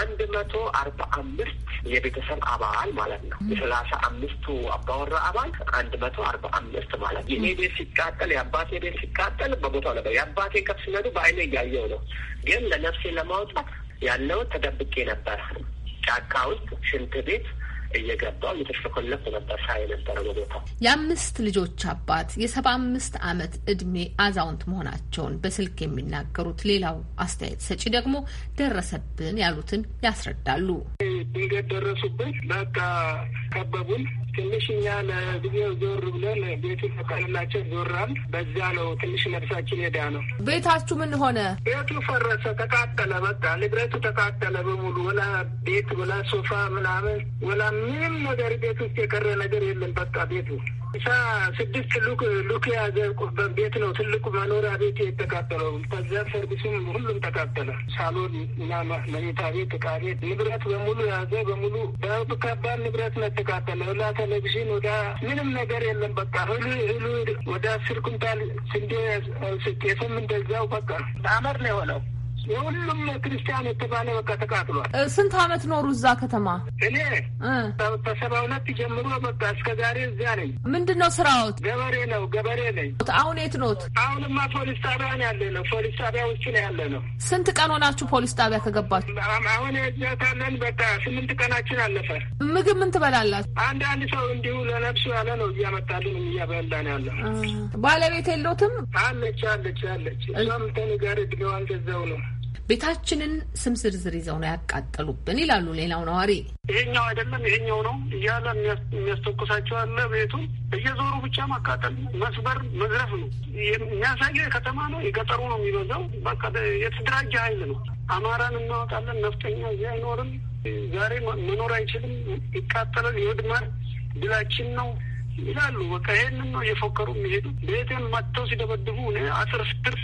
J: አንድ መቶ አርባ አምስት የቤተሰብ አባል ማለት ነው። የሰላሳ አምስቱ አባወራ አባል አንድ መቶ አርባ አምስት ማለት ይሄ ቤት ሲቃጠል፣ የአባቴ ቤት ሲቃጠል በቦታው ነበር። የአባቴ ከፍ ሲነዱ በአይነ እያየው ነው። ግን ለነፍሴ ለማውጣት ያለውን ተደብቄ ነበር ጫካ ውስጥ ሽንት ቤት እየገባው እየተሽለኮለኩ ነበር ሳ የነበረ
H: በቦታው። የአምስት ልጆች አባት የሰባ አምስት ዓመት እድሜ አዛውንት መሆናቸውን በስልክ የሚናገሩት ሌላው አስተያየት ሰጪ ደግሞ ደረሰብን ያሉትን ያስረዳሉ።
I: ድንገት ደረሱብን በቃ ከበቡን። ትንሽ እኛ ለጊዜው ዞር ብለን ቤቱ ፈቀድላቸው ዞራል። በዛ ነው ትንሽ ነብሳችን ሄዳ ነው።
H: ቤታችሁ ምን ሆነ?
I: ቤቱ ፈረሰ፣ ተቃጠለ። በቃ ንብረቱ ተቃጠለ በሙሉ። ወላ ቤት ወላ ሶፋ ምናምን ወላ ምንም ነገር ቤት ውስጥ የቀረ ነገር የለም። በቃ ቤቱ ሳ ስድስት ሉክ ሉክ ያዘርቁበት ቤት ነው። ትልቁ መኖሪያ ቤት የተቃጠለው ከዚያ ሰርቪስም ሁሉም ተቃጠለ። ሳሎን እና መኝታ ቤት፣ እቃ ቤት፣ ንብረት በሙሉ የያዘ በሙሉ ከባድ ንብረት ነው የተቃጠለ። ወላ ቴሌቪዥን ወዳ ምንም ነገር የለም። በቃ ህሉ ህሉ ወደ አስር ኩንታል ስንዴ ስኬትም እንደዛው በቃ አመር ነው የሆነው። የሁሉም ክርስቲያን የተባለ በቃ ተቃጥሏል።
H: ስንት አመት ኖሩ እዛ ከተማ?
I: እኔ ከሰባ ሁለት ጀምሮ በቃ እስከ ዛሬ እዚያ ነኝ። ምንድን ነው ስራዎት? ገበሬ ነው፣ ገበሬ ነኝ። አሁን የት ኖት? አሁንማ ፖሊስ ጣቢያ ነው ያለ ነው። ፖሊስ ጣቢያ ውስጥ ነው ያለ
H: ነው። ስንት ቀን ሆናችሁ ፖሊስ ጣቢያ ከገባችሁ?
I: አሁን እዛታለን በቃ ስምንት ቀናችን አለፈ።
H: ምግብ ምን ትበላላችሁ?
I: አንዳንድ ሰው እንዲሁ ለነፍሱ ያለ ነው እያመጣልን እያበላን ያለ።
H: ባለቤት የለትም? አለች አለች አለች። እሷም ተንጋር
I: እድሜዋን ገዛው ነው
H: ቤታችንን ስም ዝርዝር ይዘው ነው ያቃጠሉብን ይላሉ ሌላው ነዋሪ።
I: ይሄኛው አይደለም ይሄኛው ነው እያለ የሚያስተኩሳቸው አለ። ቤቱን እየዞሩ ብቻ ማቃጠል፣ መስበር፣ መዝረፍ ነው የሚያሳየ። ከተማ ነው የገጠሩ ነው የሚበዛው። በቃ የተደራጀ ኃይል ነው። አማራን እናወጣለን፣ ነፍጠኛ እዚህ አይኖርም፣ ዛሬ መኖር አይችልም፣ ይቃጠላል፣ ይወድማል፣ ድላችን ነው ይላሉ። በቃ ይህንን ነው እየፎከሩ የሚሄዱት። ቤቴን መጥተው ሲደበድቡ እኔ አስር ስድር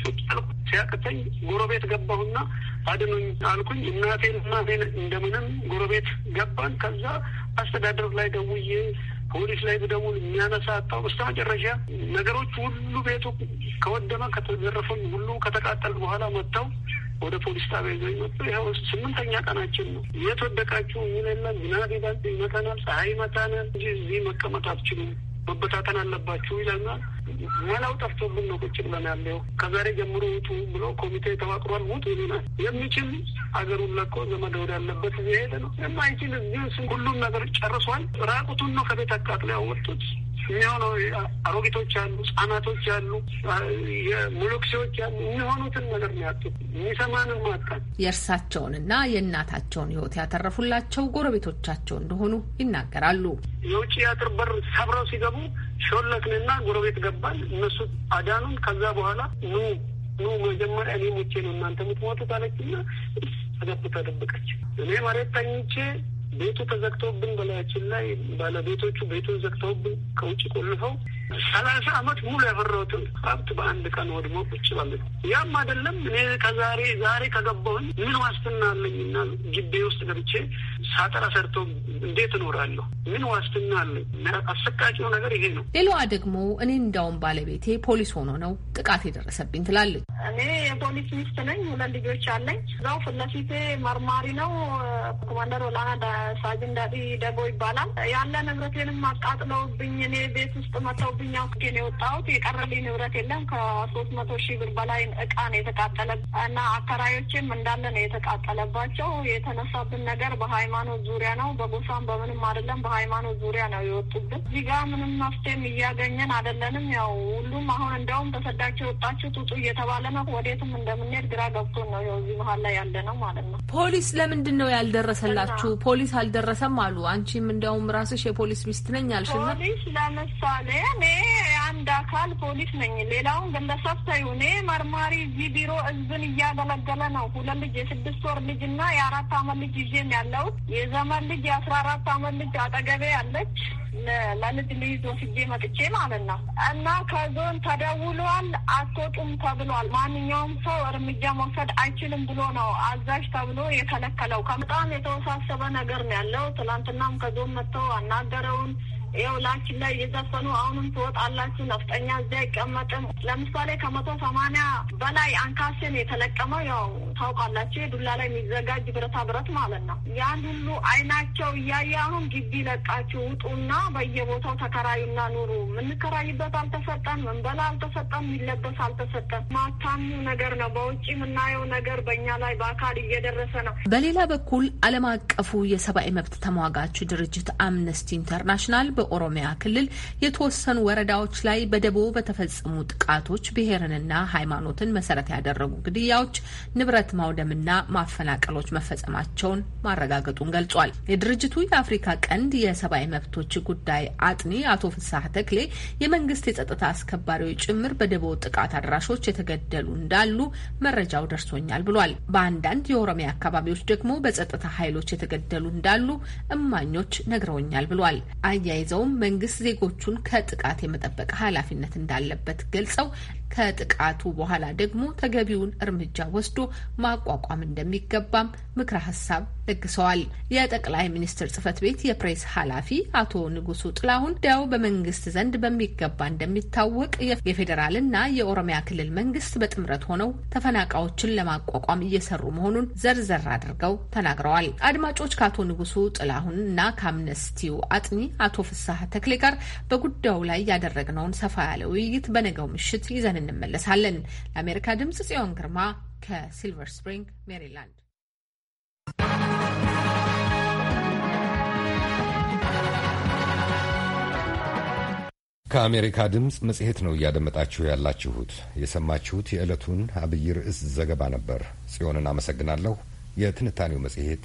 I: ሲያቅተኝ ጎረቤት ገባሁና አድኑኝ አልኩኝ። እናቴን እናቴን እንደምንም ጎረቤት ገባን። ከዛ አስተዳደር ላይ ደውዬ ፖሊስ ላይ ብደውል የሚያነሳ አጣው። በስተ መጨረሻ ነገሮች ሁሉ ቤቱ ከወደመ ከተዘረፈኝ ሁሉ ከተቃጠል በኋላ መጥተው ወደ ፖሊስ ጣቢያ ይዘኝ መጡ። ይኸው ስምንተኛ ቀናችን ነው። የት ወደቃችሁ? ምን የለም ዝናብ ይበልጥ ይመታናል፣ ፀሐይ ይመታናል እንጂ እዚህ መቀመጥ አትችሉም፣ መበታተን አለባችሁ ይለናል። መላው ጠፍቶብን ነው ቁጭ ብለን ያለው። ከዛሬ ጀምሮ ውጡ ብሎ ኮሚቴ ተዋቅሯል። ውጡ ይሉናል። የሚችል አገሩን ለቆ ዘመድ ያለበት እየሄደ ነው። የማይችል እዚህ ሁሉም ነገር ጨርሷል። ራቁቱን ነው ከቤት አቃጥሎ ያወጡት። የሚሆነው አሮጊቶች አሉ፣ ህጻናቶች አሉ፣ የሙሎክሴዎች አሉ። የሚሆኑትን ነገር ነው ያጡት። የሚሰማንም አጣን።
H: የእርሳቸውንና የእናታቸውን ህይወት ያተረፉላቸው ጎረቤቶቻቸው እንደሆኑ ይናገራሉ።
I: የውጭ የአጥር በር ሰብረው ሲገቡ ሾለክንና ጎረቤት ገባል። እነሱ አዳኑን። ከዛ በኋላ ኑ ኑ መጀመሪያ እኔ ሞቼ ነው እናንተ የምትሞቱት አለችና ተደብቃ ደብቀች። እኔ መሬት ተኝቼ ቤቱ ተዘግተውብን በላያችን ላይ ባለቤቶቹ ቤቱን ዘግተውብን ከውጭ ቆልፈው ሰላሳ አመት ሙሉ ያፈራሁትን ሀብት በአንድ ቀን ወድሞ ቁጭ ባለ ያም አይደለም እኔ ከዛሬ ዛሬ ከገባሁኝ ምን ዋስትና አለኝና ግቤ ውስጥ ገብቼ ሳጠራ ሰርቶ እንዴት እኖራለሁ? ምን ዋስትና አለኝ? አሰቃቂው ነገር
A: ይሄ ነው።
H: ሌላዋ ደግሞ እኔ እንዳውም ባለቤቴ ፖሊስ ሆኖ ነው ጥቃት የደረሰብኝ ትላለች።
A: እኔ የፖሊስ ሚስት ነኝ። ሁለት ልጆች አለኝ። እዛው ፊት ለፊት መርማሪ ነው ኮማንደር ወላና ሳጅንዳዲ ደቦ ይባላል። ያለ ንብረቴንም አቃጥለውብኝ እኔ ቤት ውስጥ መተውብኝ አውቄን የወጣሁት የቀረልኝ ንብረት የለም። ከሶስት መቶ ሺህ ብር በላይ እቃ ነው የተቃጠለ እና አከራዮችም እንዳለ ነው የተቃጠለባቸው። የተነሳብን ነገር በሃይማኖት ዙሪያ ነው። በጎሳም በምንም አይደለም። በሃይማኖት ዙሪያ ነው የወጡብን። እዚህ ጋር ምንም መፍትሄም እያገኘን አይደለንም። ያው ሁሉም አሁን እንደውም ተሰዳችሁ የወጣችሁ ጡጡ እየተባለ ነው። ወዴትም እንደምንሄድ ግራ ገብቶን ነው እዚህ መሀል ላይ ያለ ነው ማለት ነው።
H: ፖሊስ ለምንድን ነው ያልደረሰላችሁ? ፖሊስ ፖሊስ አልደረሰም አሉ። አንቺም እንዲያውም ራስሽ የፖሊስ ሚስት ነኝ አልሽ። ፖሊስ
A: ለምሳሌ እኔ አንድ አካል ፖሊስ ነኝ። ሌላውን ግለሰብ ተዩ። እኔ መርማሪ እዚህ ቢሮ ህዝብን እያገለገለ ነው። ሁለት ልጅ የስድስት ወር ልጅ እና የአራት አመት ልጅ ይዤን ያለሁት የዘመን ልጅ የአስራ አራት አመት ልጅ አጠገቤ ያለች ለልጅ ልይዝ ወስጄ መጥቼ ማለት ነው እና ከዞን ተደውሏል። አትወጡም ተብሏል። ማንኛውም ሰው እርምጃ መውሰድ አይችልም ብሎ ነው አዛዥ ተብሎ የከለከለው። በጣም የተወሳሰበ ነገር ነው ያለው። ትናንትናም ከዞን መጥተው አናገረውን ያው ላችን ላይ እየዘፈኑ አሁንም ትወጣላችሁ ነፍጠኛ እዚያ አይቀመጥም። ለምሳሌ ከመቶ ሰማንያ በላይ አንካሴን የተለቀመው ያው ታውቃላችሁ፣ የዱላ ላይ የሚዘጋጅ ብረታ ብረት ማለት ነው። ያን ሁሉ አይናቸው እያየ አሁን ግቢ ለቃችሁ ውጡና በየቦታው ተከራዩና ኑሩ። የምንከራይበት አልተሰጠን፣ ምንበላ አልተሰጠን፣ የሚለበስ አልተሰጠን። ማታሙ ነገር ነው። በውጭ የምናየው ነገር በእኛ ላይ በአካል እየደረሰ ነው።
H: በሌላ በኩል ዓለም አቀፉ የሰብአዊ መብት ተሟጋች ድርጅት አምነስቲ ኢንተርናሽናል በኦሮሚያ ክልል የተወሰኑ ወረዳዎች ላይ በደቦ በተፈጸሙ ጥቃቶች ብሔርንና ሃይማኖትን መሰረት ያደረጉ ግድያዎች፣ ንብረት ማውደምና ማፈናቀሎች መፈጸማቸውን ማረጋገጡን ገልጿል። የድርጅቱ የአፍሪካ ቀንድ የሰብአዊ መብቶች ጉዳይ አጥኒ አቶ ፍሳህ ተክሌ የመንግስት የጸጥታ አስከባሪዎች ጭምር በደቦ ጥቃት አድራሾች የተገደሉ እንዳሉ መረጃው ደርሶኛል ብሏል። በአንዳንድ የኦሮሚያ አካባቢዎች ደግሞ በጸጥታ ኃይሎች የተገደሉ እንዳሉ እማኞች ነግረውኛል ብሏል። አያይዘ አያይዘውም መንግስት ዜጎቹን ከጥቃት የመጠበቅ ኃላፊነት እንዳለበት ገልጸው ከጥቃቱ በኋላ ደግሞ ተገቢውን እርምጃ ወስዶ ማቋቋም እንደሚገባም ምክረ ሀሳብ ለግሰዋል። የጠቅላይ ሚኒስትር ጽህፈት ቤት የፕሬስ ኃላፊ አቶ ንጉሱ ጥላሁን ዳያው በመንግስት ዘንድ በሚገባ እንደሚታወቅ የፌዴራልና የኦሮሚያ ክልል መንግስት በጥምረት ሆነው ተፈናቃዮችን ለማቋቋም እየሰሩ መሆኑን ዘርዘር አድርገው ተናግረዋል። አድማጮች ከአቶ ንጉሱ ጥላሁን እና ከአምነስቲው አጥኒ አቶ ፍስሐ ተክሌ ጋር በጉዳዩ ላይ ያደረግነውን ሰፋ ያለ ውይይት በነገው ምሽት ይዘን እንመለሳለን። ለአሜሪካ ድምጽ ጽዮን ግርማ ከሲልቨር ስፕሪንግ ሜሪላንድ
B: ከአሜሪካ ድምፅ መጽሔት ነው እያደመጣችሁ ያላችሁት። የሰማችሁት የዕለቱን አብይ ርዕስ ዘገባ ነበር። ጽዮንን አመሰግናለሁ። የትንታኔው መጽሔት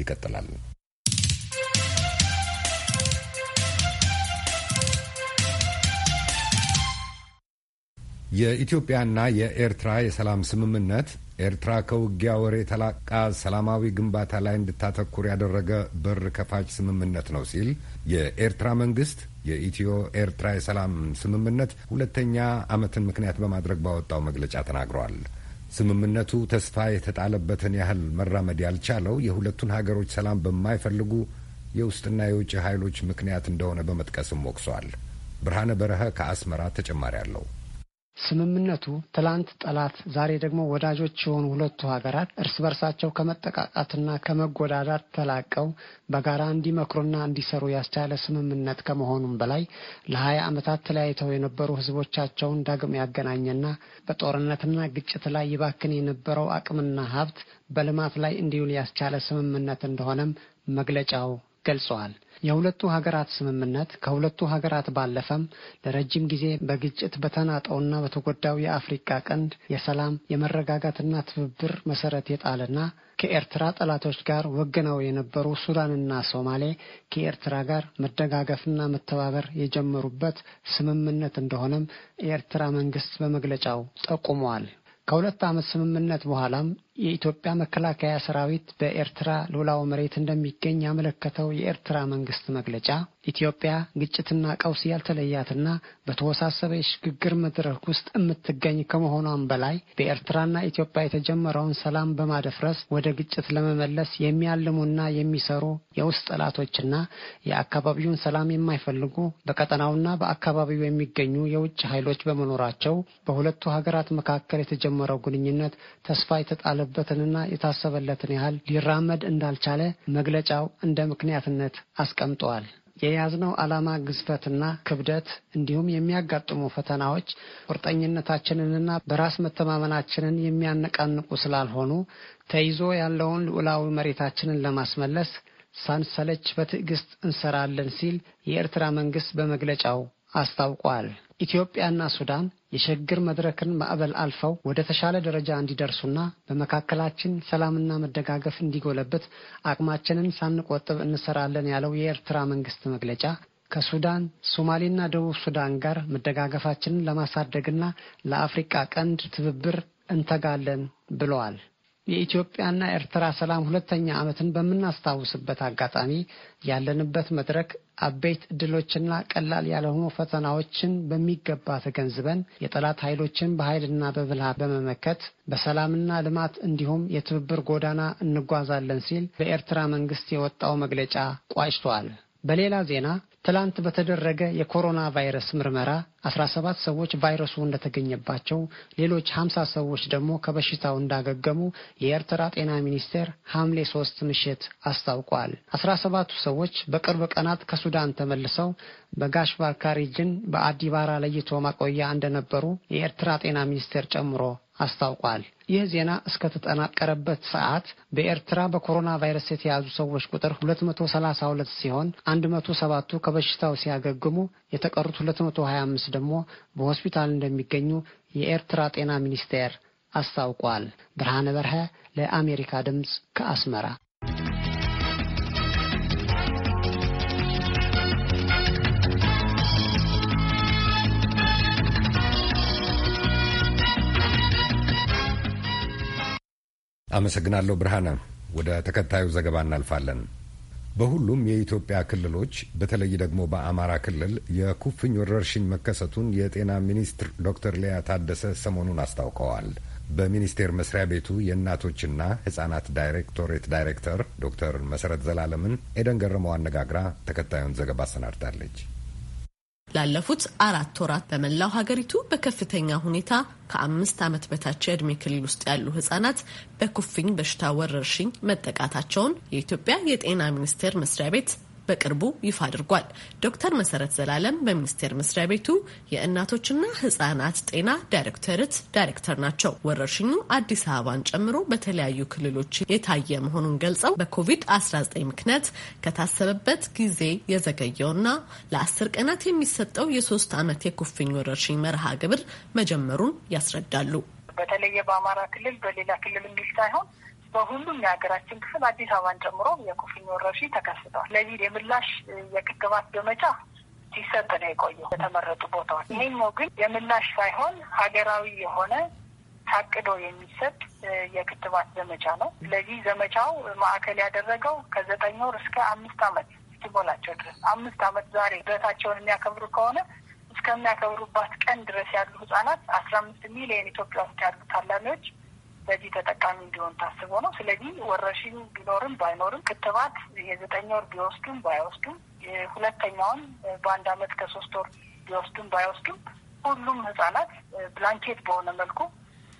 B: ይቀጥላል። የኢትዮጵያና የኤርትራ የሰላም ስምምነት ኤርትራ ከውጊያ ወሬ ተላቃ ሰላማዊ ግንባታ ላይ እንድታተኩር ያደረገ በር ከፋች ስምምነት ነው ሲል የኤርትራ መንግስት የኢትዮ ኤርትራ የሰላም ስምምነት ሁለተኛ ዓመትን ምክንያት በማድረግ ባወጣው መግለጫ ተናግረዋል። ስምምነቱ ተስፋ የተጣለበትን ያህል መራመድ ያልቻለው የሁለቱን ሀገሮች ሰላም በማይፈልጉ የውስጥና የውጭ ኃይሎች ምክንያት እንደሆነ በመጥቀስም ወቅሷል። ብርሃነ በረኸ ከአስመራ ተጨማሪ አለው።
K: ስምምነቱ ትላንት ጠላት ዛሬ ደግሞ ወዳጆች የሆኑ ሁለቱ ሀገራት እርስ በርሳቸው ከመጠቃቃትና ከመጎዳዳት ተላቀው በጋራ እንዲመክሩና እንዲሰሩ ያስቻለ ስምምነት ከመሆኑም በላይ ለሀያ ዓመታት ተለያይተው የነበሩ ህዝቦቻቸውን ዳግም ያገናኘና በጦርነትና ግጭት ላይ ይባክን የነበረው አቅምና ሀብት በልማት ላይ እንዲውል ያስቻለ ስምምነት እንደሆነም መግለጫው ገልጸዋል። የሁለቱ ሀገራት ስምምነት ከሁለቱ ሀገራት ባለፈም ለረጅም ጊዜ በግጭት በተናጠውና በተጎዳው የአፍሪቃ ቀንድ የሰላም የመረጋጋትና ትብብር መሰረት የጣለና ከኤርትራ ጠላቶች ጋር ወግነው የነበሩ ሱዳንና ሶማሌ ከኤርትራ ጋር መደጋገፍና መተባበር የጀመሩበት ስምምነት እንደሆነም የኤርትራ መንግስት በመግለጫው ጠቁመዋል። ከሁለት ዓመት ስምምነት በኋላም የኢትዮጵያ መከላከያ ሰራዊት በኤርትራ ሉላው መሬት እንደሚገኝ ያመለከተው የኤርትራ መንግስት መግለጫ ኢትዮጵያ ግጭትና ቀውስ ያልተለያትና በተወሳሰበ የሽግግር መድረክ ውስጥ የምትገኝ ከመሆኗም በላይ በኤርትራና ኢትዮጵያ የተጀመረውን ሰላም በማደፍረስ ወደ ግጭት ለመመለስ የሚያልሙና የሚሰሩ የውስጥ ጠላቶችና የአካባቢውን ሰላም የማይፈልጉ በቀጠናውና በአካባቢው የሚገኙ የውጭ ኃይሎች በመኖራቸው በሁለቱ ሀገራት መካከል የተጀመረው ግንኙነት ተስፋ የተጣለ የደረሰበትንና የታሰበለትን ያህል ሊራመድ እንዳልቻለ መግለጫው እንደ ምክንያትነት አስቀምጠዋል። የያዝነው ዓላማ ግዝፈትና ክብደት እንዲሁም የሚያጋጥሙ ፈተናዎች ቁርጠኝነታችንንና በራስ መተማመናችንን የሚያነቃንቁ ስላልሆኑ ተይዞ ያለውን ልዑላዊ መሬታችንን ለማስመለስ ሳንሰለች በትዕግስት እንሰራለን ሲል የኤርትራ መንግስት በመግለጫው አስታውቋል። ኢትዮጵያና ሱዳን የሽግግር መድረክን ማዕበል አልፈው ወደ ተሻለ ደረጃ እንዲደርሱና በመካከላችን ሰላምና መደጋገፍ እንዲጎለበት አቅማችንን ሳንቆጥብ እንሰራለን ያለው የኤርትራ መንግስት መግለጫ ከሱዳን፣ ሶማሌና ደቡብ ሱዳን ጋር መደጋገፋችንን ለማሳደግና ለአፍሪቃ ቀንድ ትብብር እንተጋለን ብለዋል። የኢትዮጵያና ኤርትራ ሰላም ሁለተኛ ዓመትን በምናስታውስበት አጋጣሚ ያለንበት መድረክ አበይት እድሎችና ቀላል ያልሆኑ ፈተናዎችን በሚገባ ተገንዝበን የጠላት ኃይሎችን በኃይልና በብልሃት በመመከት በሰላምና ልማት እንዲሁም የትብብር ጎዳና እንጓዛለን ሲል በኤርትራ መንግስት የወጣው መግለጫ ቋጭቷል። በሌላ ዜና ትላንት በተደረገ የኮሮና ቫይረስ ምርመራ 17 ሰዎች ቫይረሱ እንደተገኘባቸው ሌሎች 50 ሰዎች ደግሞ ከበሽታው እንዳገገሙ የኤርትራ ጤና ሚኒስቴር ሐምሌ 3 ምሽት አስታውቋል። 17ቱ ሰዎች በቅርብ ቀናት ከሱዳን ተመልሰው በጋሽባር በአዲባራ ለይቶ ማቆያ እንደነበሩ የኤርትራ ጤና ሚኒስቴር ጨምሮ አስታውቋል። ይህ ዜና እስከተጠናቀረበት ሰዓት በኤርትራ በኮሮና ቫይረስ የተያዙ ሰዎች ቁጥር 232 ሲሆን 107ቱ ከበሽታው ሲያገግሙ የተቀሩት 225 ደግሞ በሆስፒታል እንደሚገኙ የኤርትራ ጤና ሚኒስቴር አስታውቋል። ብርሃነ በርሀ ለአሜሪካ ድምፅ ከአስመራ
B: አመሰግናለሁ ብርሃነ። ወደ ተከታዩ ዘገባ እናልፋለን። በሁሉም የኢትዮጵያ ክልሎች በተለይ ደግሞ በአማራ ክልል የኩፍኝ ወረርሽኝ መከሰቱን የጤና ሚኒስትር ዶክተር ሊያ ታደሰ ሰሞኑን አስታውቀዋል። በሚኒስቴር መስሪያ ቤቱ የእናቶችና ሕጻናት ዳይሬክቶሬት ዳይሬክተር ዶክተር መሰረት ዘላለምን ኤደን ገረመው አነጋግራ ተከታዩን ዘገባ አሰናድታለች።
G: ላለፉት አራት ወራት በመላው ሀገሪቱ በከፍተኛ ሁኔታ ከአምስት ዓመት በታች የዕድሜ ክልል ውስጥ ያሉ ህጻናት በኩፍኝ በሽታ ወረርሽኝ መጠቃታቸውን የኢትዮጵያ የጤና ሚኒስቴር መስሪያ ቤት በቅርቡ ይፋ አድርጓል። ዶክተር መሰረት ዘላለም በሚኒስቴር መስሪያ ቤቱ የእናቶችና ህጻናት ጤና ዳይሬክተርት ዳይሬክተር ናቸው። ወረርሽኙ አዲስ አበባን ጨምሮ በተለያዩ ክልሎች የታየ መሆኑን ገልጸው በኮቪድ-19 ምክንያት ከታሰበበት ጊዜ የዘገየውና ለአስር ቀናት የሚሰጠው የሶስት ዓመት የኩፍኝ ወረርሽኝ መርሃ ግብር መጀመሩን ያስረዳሉ።
L: በተለየ በአማራ ክልል በሌላ ክልል የሚል ሳይሆን በሁሉም የሀገራችን ክፍል አዲስ አበባን ጨምሮ የኩፍኝ ወረርሽኝ ተከስቷል። ለዚህ የምላሽ የክትባት ዘመቻ ሲሰጥ ነው የቆየው በተመረጡ ቦታዎች። ይሄኛው ግን የምላሽ ሳይሆን ሀገራዊ የሆነ ታቅዶ የሚሰጥ የክትባት ዘመቻ ነው። ስለዚህ ዘመቻው ማዕከል ያደረገው ከዘጠኝ ወር እስከ አምስት ዓመት እስኪሞላቸው ድረስ አምስት አመት ዛሬ ልደታቸውን የሚያከብሩ ከሆነ እስከሚያከብሩባት ቀን ድረስ ያሉ ህጻናት አስራ አምስት ሚሊዮን ኢትዮጵያ ውስጥ ያሉ ታላሚዎች በዚህ ተጠቃሚ እንዲሆን ታስቦ ነው። ስለዚህ ወረርሽኝ ቢኖርም ባይኖርም ክትባት የዘጠኝ ወር ቢወስዱም ባይወስዱም የሁለተኛውን በአንድ አመት ከሶስት ወር ቢወስዱም ባይወስዱም ሁሉም ህጻናት ብላንኬት በሆነ መልኩ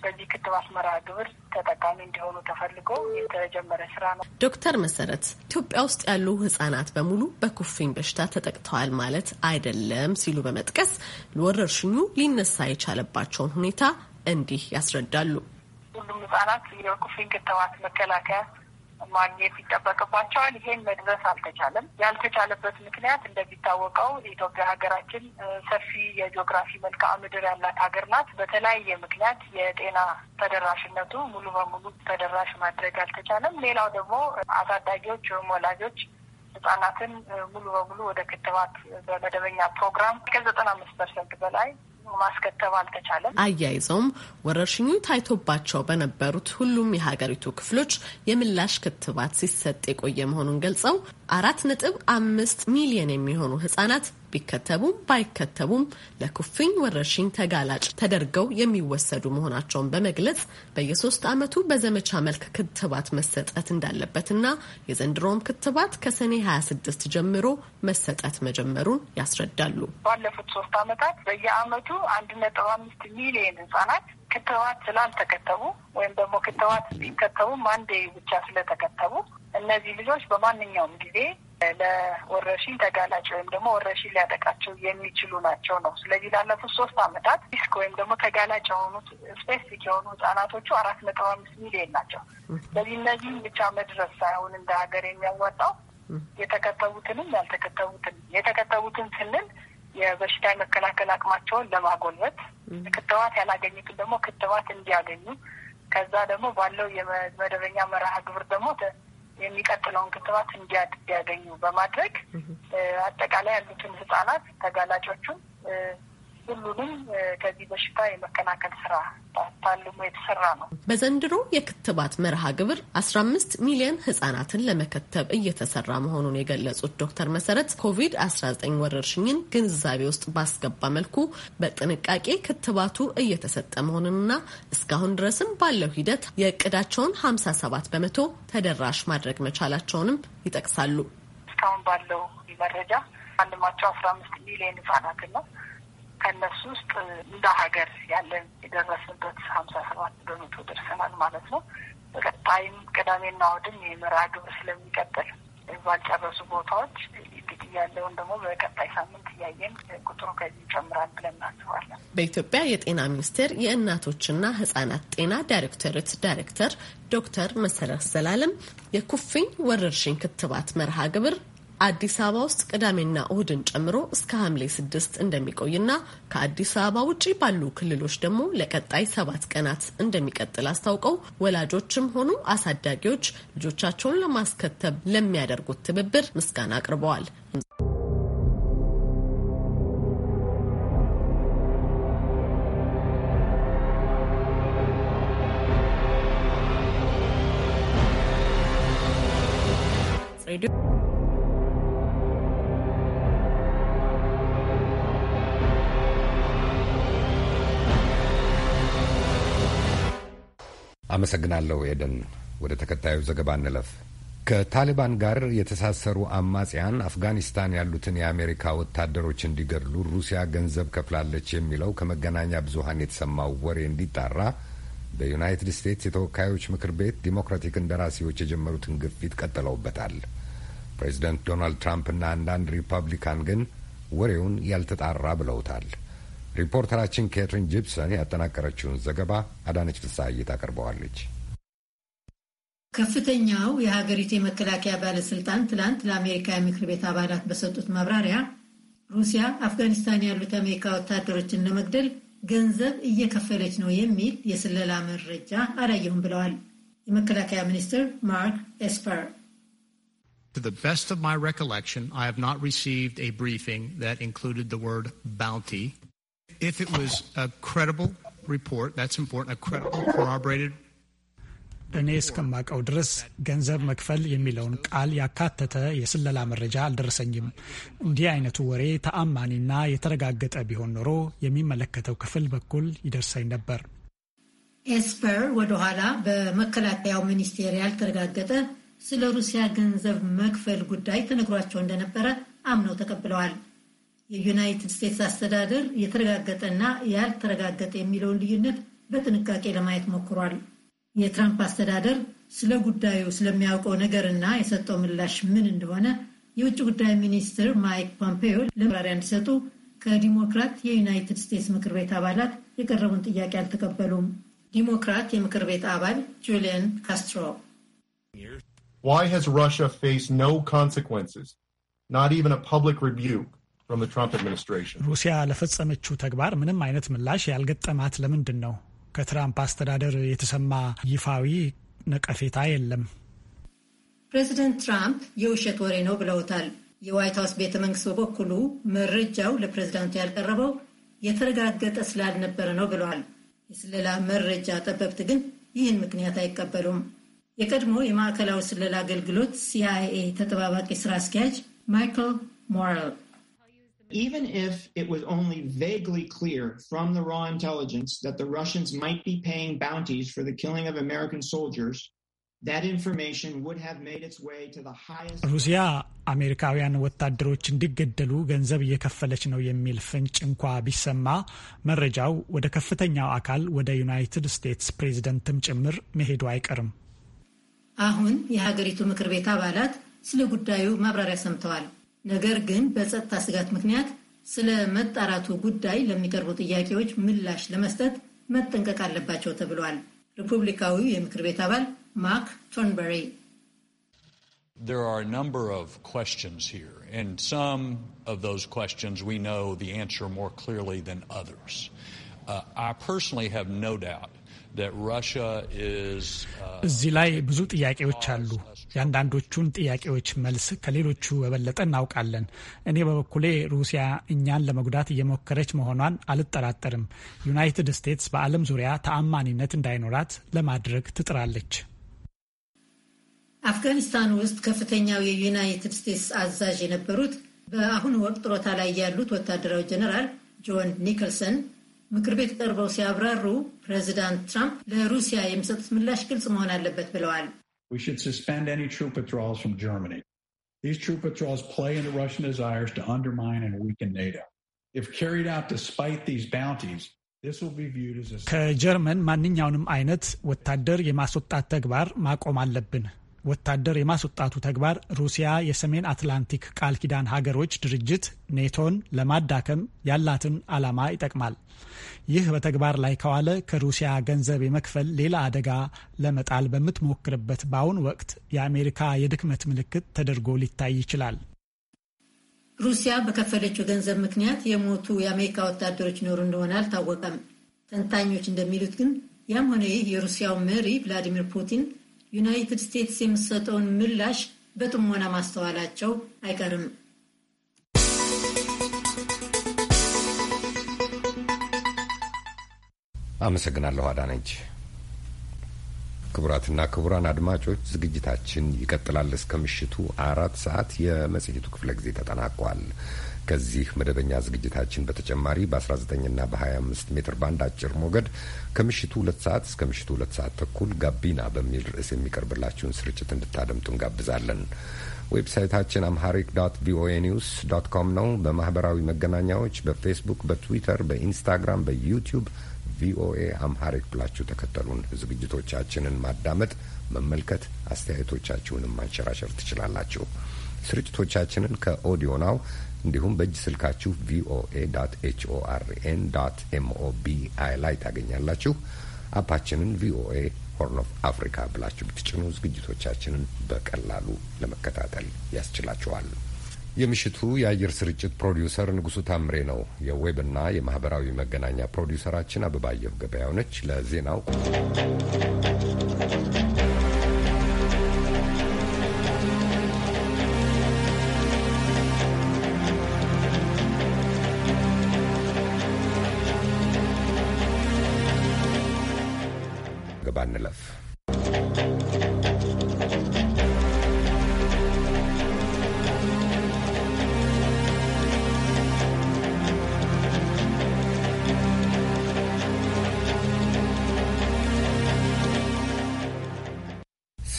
L: በዚህ ክትባት መርሃ ግብር ተጠቃሚ እንዲሆኑ ተፈልጎ
G: የተጀመረ ስራ ነው። ዶክተር መሰረት ኢትዮጵያ ውስጥ ያሉ ህጻናት በሙሉ በኩፍኝ በሽታ ተጠቅተዋል ማለት አይደለም ሲሉ በመጥቀስ ወረርሽኙ ሊነሳ የቻለባቸውን ሁኔታ እንዲህ ያስረዳሉ።
L: ሁሉም ህጻናት የኩፍኝ ክትባት መከላከያ ማግኘት ይጠበቅባቸዋል። ይሄን መድረስ አልተቻለም። ያልተቻለበት ምክንያት እንደሚታወቀው ኢትዮጵያ ሀገራችን ሰፊ የጂኦግራፊ መልክዓ ምድር ያላት ሀገር ናት። በተለያየ ምክንያት የጤና ተደራሽነቱ ሙሉ በሙሉ ተደራሽ ማድረግ አልተቻለም። ሌላው ደግሞ አሳዳጊዎች ወይም ወላጆች ህጻናትን ሙሉ በሙሉ ወደ ክትባት በመደበኛ ፕሮግራም ከዘጠና
G: አምስት ፐርሰንት በላይ ማስከተብ አልተቻለም። አያይዘውም ወረርሽኙ ታይቶባቸው በነበሩት ሁሉም የሀገሪቱ ክፍሎች የምላሽ ክትባት ሲሰጥ የቆየ መሆኑን ገልጸው አራት ነጥብ አምስት ሚሊየን የሚሆኑ ህጻናት ቢከተቡም ባይከተቡም ለኩፍኝ ወረርሽኝ ተጋላጭ ተደርገው የሚወሰዱ መሆናቸውን በመግለጽ በየሶስት ዓመቱ በዘመቻ መልክ ክትባት መሰጠት እንዳለበትና የዘንድሮውም ክትባት ከሰኔ 26 ጀምሮ መሰጠት መጀመሩን ያስረዳሉ። ባለፉት
L: ሶስት ዓመታት በየዓመቱ አንድ ነጥብ አምስት ሚሊየን ህጻናት ክትባት ስላልተከተቡ ወይም ደግሞ ክትባት ቢከተቡም አንዴ ብቻ ስለተከተቡ እነዚህ ልጆች በማንኛውም ጊዜ ለወረርሽኝ ተጋላጭ ወይም ደግሞ ወረርሽኝ ሊያጠቃቸው የሚችሉ ናቸው ነው። ስለዚህ ላለፉት ሶስት አመታት ሪስክ ወይም ደግሞ ተጋላጭ የሆኑት ስፔሲፊክ የሆኑ ህጻናቶቹ አራት ነጥብ አምስት ሚሊዮን ናቸው። ስለዚህ እነዚህም ብቻ መድረስ ሳይሆን እንደ ሀገር የሚያዋጣው የተከተቡትንም ያልተከተቡትንም የተከተቡትን ስንል የበሽታ የመከላከል አቅማቸውን ለማጎልበት ክትባት ያላገኙትን ደግሞ ክትባት እንዲያገኙ ከዛ ደግሞ ባለው የመደበኛ መርሃ ግብር ደግሞ የሚቀጥለውን ክትባት እንዲያገኙ በማድረግ አጠቃላይ ያሉትን ህጻናት ተጋላጮቹን ሁሉንም ከዚህ በሽታ የመከላከል ስራ ታልሞ የተሰራ ነው።
G: በዘንድሮ የክትባት መርሃ ግብር አስራ አምስት ሚሊዮን ህጻናትን ለመከተብ እየተሰራ መሆኑን የገለጹት ዶክተር መሰረት ኮቪድ አስራ ዘጠኝ ወረርሽኝን ግንዛቤ ውስጥ ባስገባ መልኩ በጥንቃቄ ክትባቱ እየተሰጠ መሆኑንና እስካሁን ድረስም ባለው ሂደት የእቅዳቸውን ሀምሳ ሰባት በመቶ ተደራሽ ማድረግ መቻላቸውንም ይጠቅሳሉ።
L: እስካሁን ባለው መረጃ አንድማቸው አስራ አምስት ሚሊዮን ህጻናትን ነው ከእነሱ ውስጥ እንደ ሀገር ያለን የደረስንበት ሀምሳ ሰባት በመቶ ደርሰናል ማለት ነው። በቀጣይም ቅዳሜና እሑድም የመርሃ ግብር ስለሚቀጥል ባልጨረሱ ቦታዎች እንግዲህ ያለውን ደግሞ በቀጣይ ሳምንት እያየን ቁጥሩ ከዚህ
G: ይጨምራል ብለን እናስባለን። በኢትዮጵያ የጤና ሚኒስቴር የእናቶችና ህጻናት ጤና ዳይሬክቶሬት ዳይሬክተር ዶክተር መሰረት ዘላለም የኩፍኝ ወረርሽኝ ክትባት መርሃ ግብር አዲስ አበባ ውስጥ ቅዳሜና እሁድን ጨምሮ እስከ ሐምሌ ስድስት እንደሚቆይና ከአዲስ አበባ ውጪ ባሉ ክልሎች ደግሞ ለቀጣይ ሰባት ቀናት እንደሚቀጥል አስታውቀው ወላጆችም ሆኑ አሳዳጊዎች ልጆቻቸውን ለማስከተብ ለሚያደርጉት ትብብር ምስጋና አቅርበዋል።
B: አመሰግናለሁ ኤደን። ወደ ተከታዩ ዘገባ እንለፍ። ከታሊባን ጋር የተሳሰሩ አማጽያን አፍጋኒስታን ያሉትን የአሜሪካ ወታደሮች እንዲገድሉ ሩሲያ ገንዘብ ከፍላለች የሚለው ከመገናኛ ብዙኃን የተሰማው ወሬ እንዲጣራ በዩናይትድ ስቴትስ የተወካዮች ምክር ቤት ዲሞክራቲክ እንደራሴዎች የጀመሩትን ግፊት ቀጥለውበታል። ፕሬዚደንት ዶናልድ ትራምፕና አንዳንድ ሪፐብሊካን ግን ወሬውን ያልተጣራ ብለውታል። ሪፖርተራችን ኬትሪን ጂፕሰን ያጠናቀረችውን ዘገባ አዳነች ፍስሐዬ ታቀርበዋለች።
M: ከፍተኛው የሀገሪቱ የመከላከያ ባለስልጣን ትላንት ለአሜሪካ የምክር ቤት አባላት በሰጡት መብራሪያ ሩሲያ አፍጋኒስታን ያሉት የአሜሪካ ወታደሮችን ለመግደል ገንዘብ እየከፈለች ነው የሚል የስለላ መረጃ አላየሁም ብለዋል። የመከላከያ ሚኒስትር ማርክ ኤስፐር
N: To the best of my recollection, I have not received a briefing that included the word bounty if it was a credible report, that's important, a credible corroborated እኔ እስከማውቀው ድረስ ገንዘብ መክፈል የሚለውን ቃል ያካተተ የስለላ መረጃ አልደረሰኝም። እንዲህ አይነቱ ወሬ ተአማኒና የተረጋገጠ ቢሆን ኖሮ የሚመለከተው ክፍል በኩል ይደርሰኝ ነበር።
M: ኤስፐር ወደኋላ በመከላከያው ሚኒስቴር ያልተረጋገጠ ስለ ሩሲያ ገንዘብ መክፈል ጉዳይ ተነግሯቸው እንደነበረ አምነው ተቀብለዋል። የዩናይትድ ስቴትስ አስተዳደር የተረጋገጠና ያልተረጋገጠ የሚለውን ልዩነት በጥንቃቄ ለማየት ሞክሯል። የትራምፕ አስተዳደር ስለ ጉዳዩ ስለሚያውቀው ነገርና የሰጠው ምላሽ ምን እንደሆነ የውጭ ጉዳይ ሚኒስትር ማይክ ፖምፔዮ ለማብራሪያ እንዲሰጡ ከዲሞክራት የዩናይትድ ስቴትስ ምክር ቤት አባላት የቀረቡን ጥያቄ አልተቀበሉም። ዲሞክራት የምክር ቤት አባል ጁሊያን ካስትሮ
C: Why has Russia faced no consequences, not even a public rebuke?
N: ሩሲያ ለፈጸመችው ተግባር ምንም አይነት ምላሽ ያልገጠማት ለምንድን ነው? ከትራምፕ አስተዳደር የተሰማ ይፋዊ ነቀፌታ የለም።
M: ፕሬዚደንት ትራምፕ የውሸት ወሬ ነው ብለውታል። የዋይት ሀውስ ቤተ መንግስት በበኩሉ መረጃው ለፕሬዚዳንቱ ያልቀረበው የተረጋገጠ ስላልነበረ ነው ብለዋል። የስለላ መረጃ ጠበብት ግን ይህን ምክንያት አይቀበሉም። የቀድሞ የማዕከላዊ ስለላ አገልግሎት ሲአይኤ ተጠባባቂ ስራ አስኪያጅ ማይክል ሞራል even if it was only vaguely clear from the raw intelligence that the Russians might be paying bounties for the killing of American soldiers, that information would have made its way to the highest.
N: Russia, American with Tadruch and Diggedalu, Genzavia Kafelechno Yemil Finch and Qua Bissema, Marejau, with a Kafetanya Akal, with a United States President Tim Chimmer, Mehidwaikarum.
M: አሁን የሀገሪቱ ምክር ቤት ነገር ግን በጸጥታ ስጋት ምክንያት ስለ መጣራቱ ጉዳይ ለሚቀርቡ ጥያቄዎች ምላሽ ለመስጠት መጠንቀቅ አለባቸው ተብሏል። ሪፑብሊካዊው የምክር ቤት አባል ማክ ቶንበሪ
C: There are a number of questions here, and some of those questions we know the answer more clearly than others. Uh, I personally have no doubt that Russia is. Uh,
N: የአንዳንዶቹን ጥያቄዎች መልስ ከሌሎቹ የበለጠ እናውቃለን። እኔ በበኩሌ ሩሲያ እኛን ለመጉዳት እየሞከረች መሆኗን አልጠራጠርም። ዩናይትድ ስቴትስ በዓለም ዙሪያ ተአማኒነት እንዳይኖራት ለማድረግ ትጥራለች።
M: አፍጋኒስታን ውስጥ ከፍተኛው የዩናይትድ ስቴትስ አዛዥ የነበሩት በአሁኑ ወቅት ጥሮታ ላይ ያሉት ወታደራዊ ጀነራል ጆን ኒክልሰን ምክር ቤት ቀርበው ሲያብራሩ ፕሬዚዳንት ትራምፕ ለሩሲያ የሚሰጡት ምላሽ ግልጽ መሆን አለበት ብለዋል።
N: We should suspend any troop withdrawals from Germany. These troop withdrawals play into Russian desires to undermine and weaken NATO. If carried out despite these bounties, ከጀርመን ማንኛውንም አይነት ወታደር የማስወጣት ተግባር ማቆም አለብን። ወታደር የማስወጣቱ ተግባር ሩሲያ የሰሜን አትላንቲክ ቃል ኪዳን ሀገሮች ድርጅት ኔቶን ለማዳከም ያላትን ዓላማ ይጠቅማል። ይህ በተግባር ላይ ከዋለ ከሩሲያ ገንዘብ የመክፈል ሌላ አደጋ ለመጣል በምትሞክርበት በአሁን ወቅት የአሜሪካ የድክመት ምልክት ተደርጎ ሊታይ ይችላል።
M: ሩሲያ በከፈለችው ገንዘብ ምክንያት የሞቱ የአሜሪካ ወታደሮች ኖሩ እንደሆነ አልታወቀም። ተንታኞች እንደሚሉት ግን ያም ሆነ ይህ የሩሲያው መሪ ቭላዲሚር ፑቲን ዩናይትድ ስቴትስ የምትሰጠውን ምላሽ በጥሞና ማስተዋላቸው አይቀርም።
B: አመሰግናለሁ አዳነች። ክቡራትና ክቡራን አድማጮች ዝግጅታችን ይቀጥላል እስከ ምሽቱ አራት ሰዓት። የመጽሔቱ ክፍለ ጊዜ ተጠናቋል። ከዚህ መደበኛ ዝግጅታችን በተጨማሪ በ19ና በ25 ሜትር ባንድ አጭር ሞገድ ከምሽቱ ሁለት ሰዓት እስከ ምሽቱ ሁለት ሰዓት ተኩል ጋቢና በሚል ርዕስ የሚቀርብላችሁን ስርጭት እንድታደምጡ እንጋብዛለን። ዌብሳይታችን አምሃሪክ ዶት ቪኦኤ ኒውስ ዶት ኮም ነው። በማህበራዊ መገናኛዎች በፌስቡክ፣ በትዊተር፣ በኢንስታግራም፣ በዩቲዩብ ቪኦኤ አምሃሪክ ብላችሁ ተከተሉን። ዝግጅቶቻችንን ማዳመጥ፣ መመልከት፣ አስተያየቶቻችሁንም ማንሸራሸር ትችላላችሁ። ስርጭቶቻችንን ከኦዲዮ ናው እንዲሁም በእጅ ስልካችሁ ቪኦኤ ዶት ኤችኦአርኤን ዶት አይ ላይ ታገኛላችሁ። አፓችንን ቪኦኤ ሆርን ኦፍ አፍሪካ ብላችሁ ብትጭኑ ዝግጅቶቻችንን በቀላሉ ለመከታተል ያስችላችኋል። የምሽቱ የአየር ስርጭት ፕሮዲውሰር ንጉሱ ታምሬ ነው። የዌብና የማህበራዊ መገናኛ ፕሮዲውሰራችን አበባየሁ ገበያው ነች። ለዜናው ገባ እንለፍ።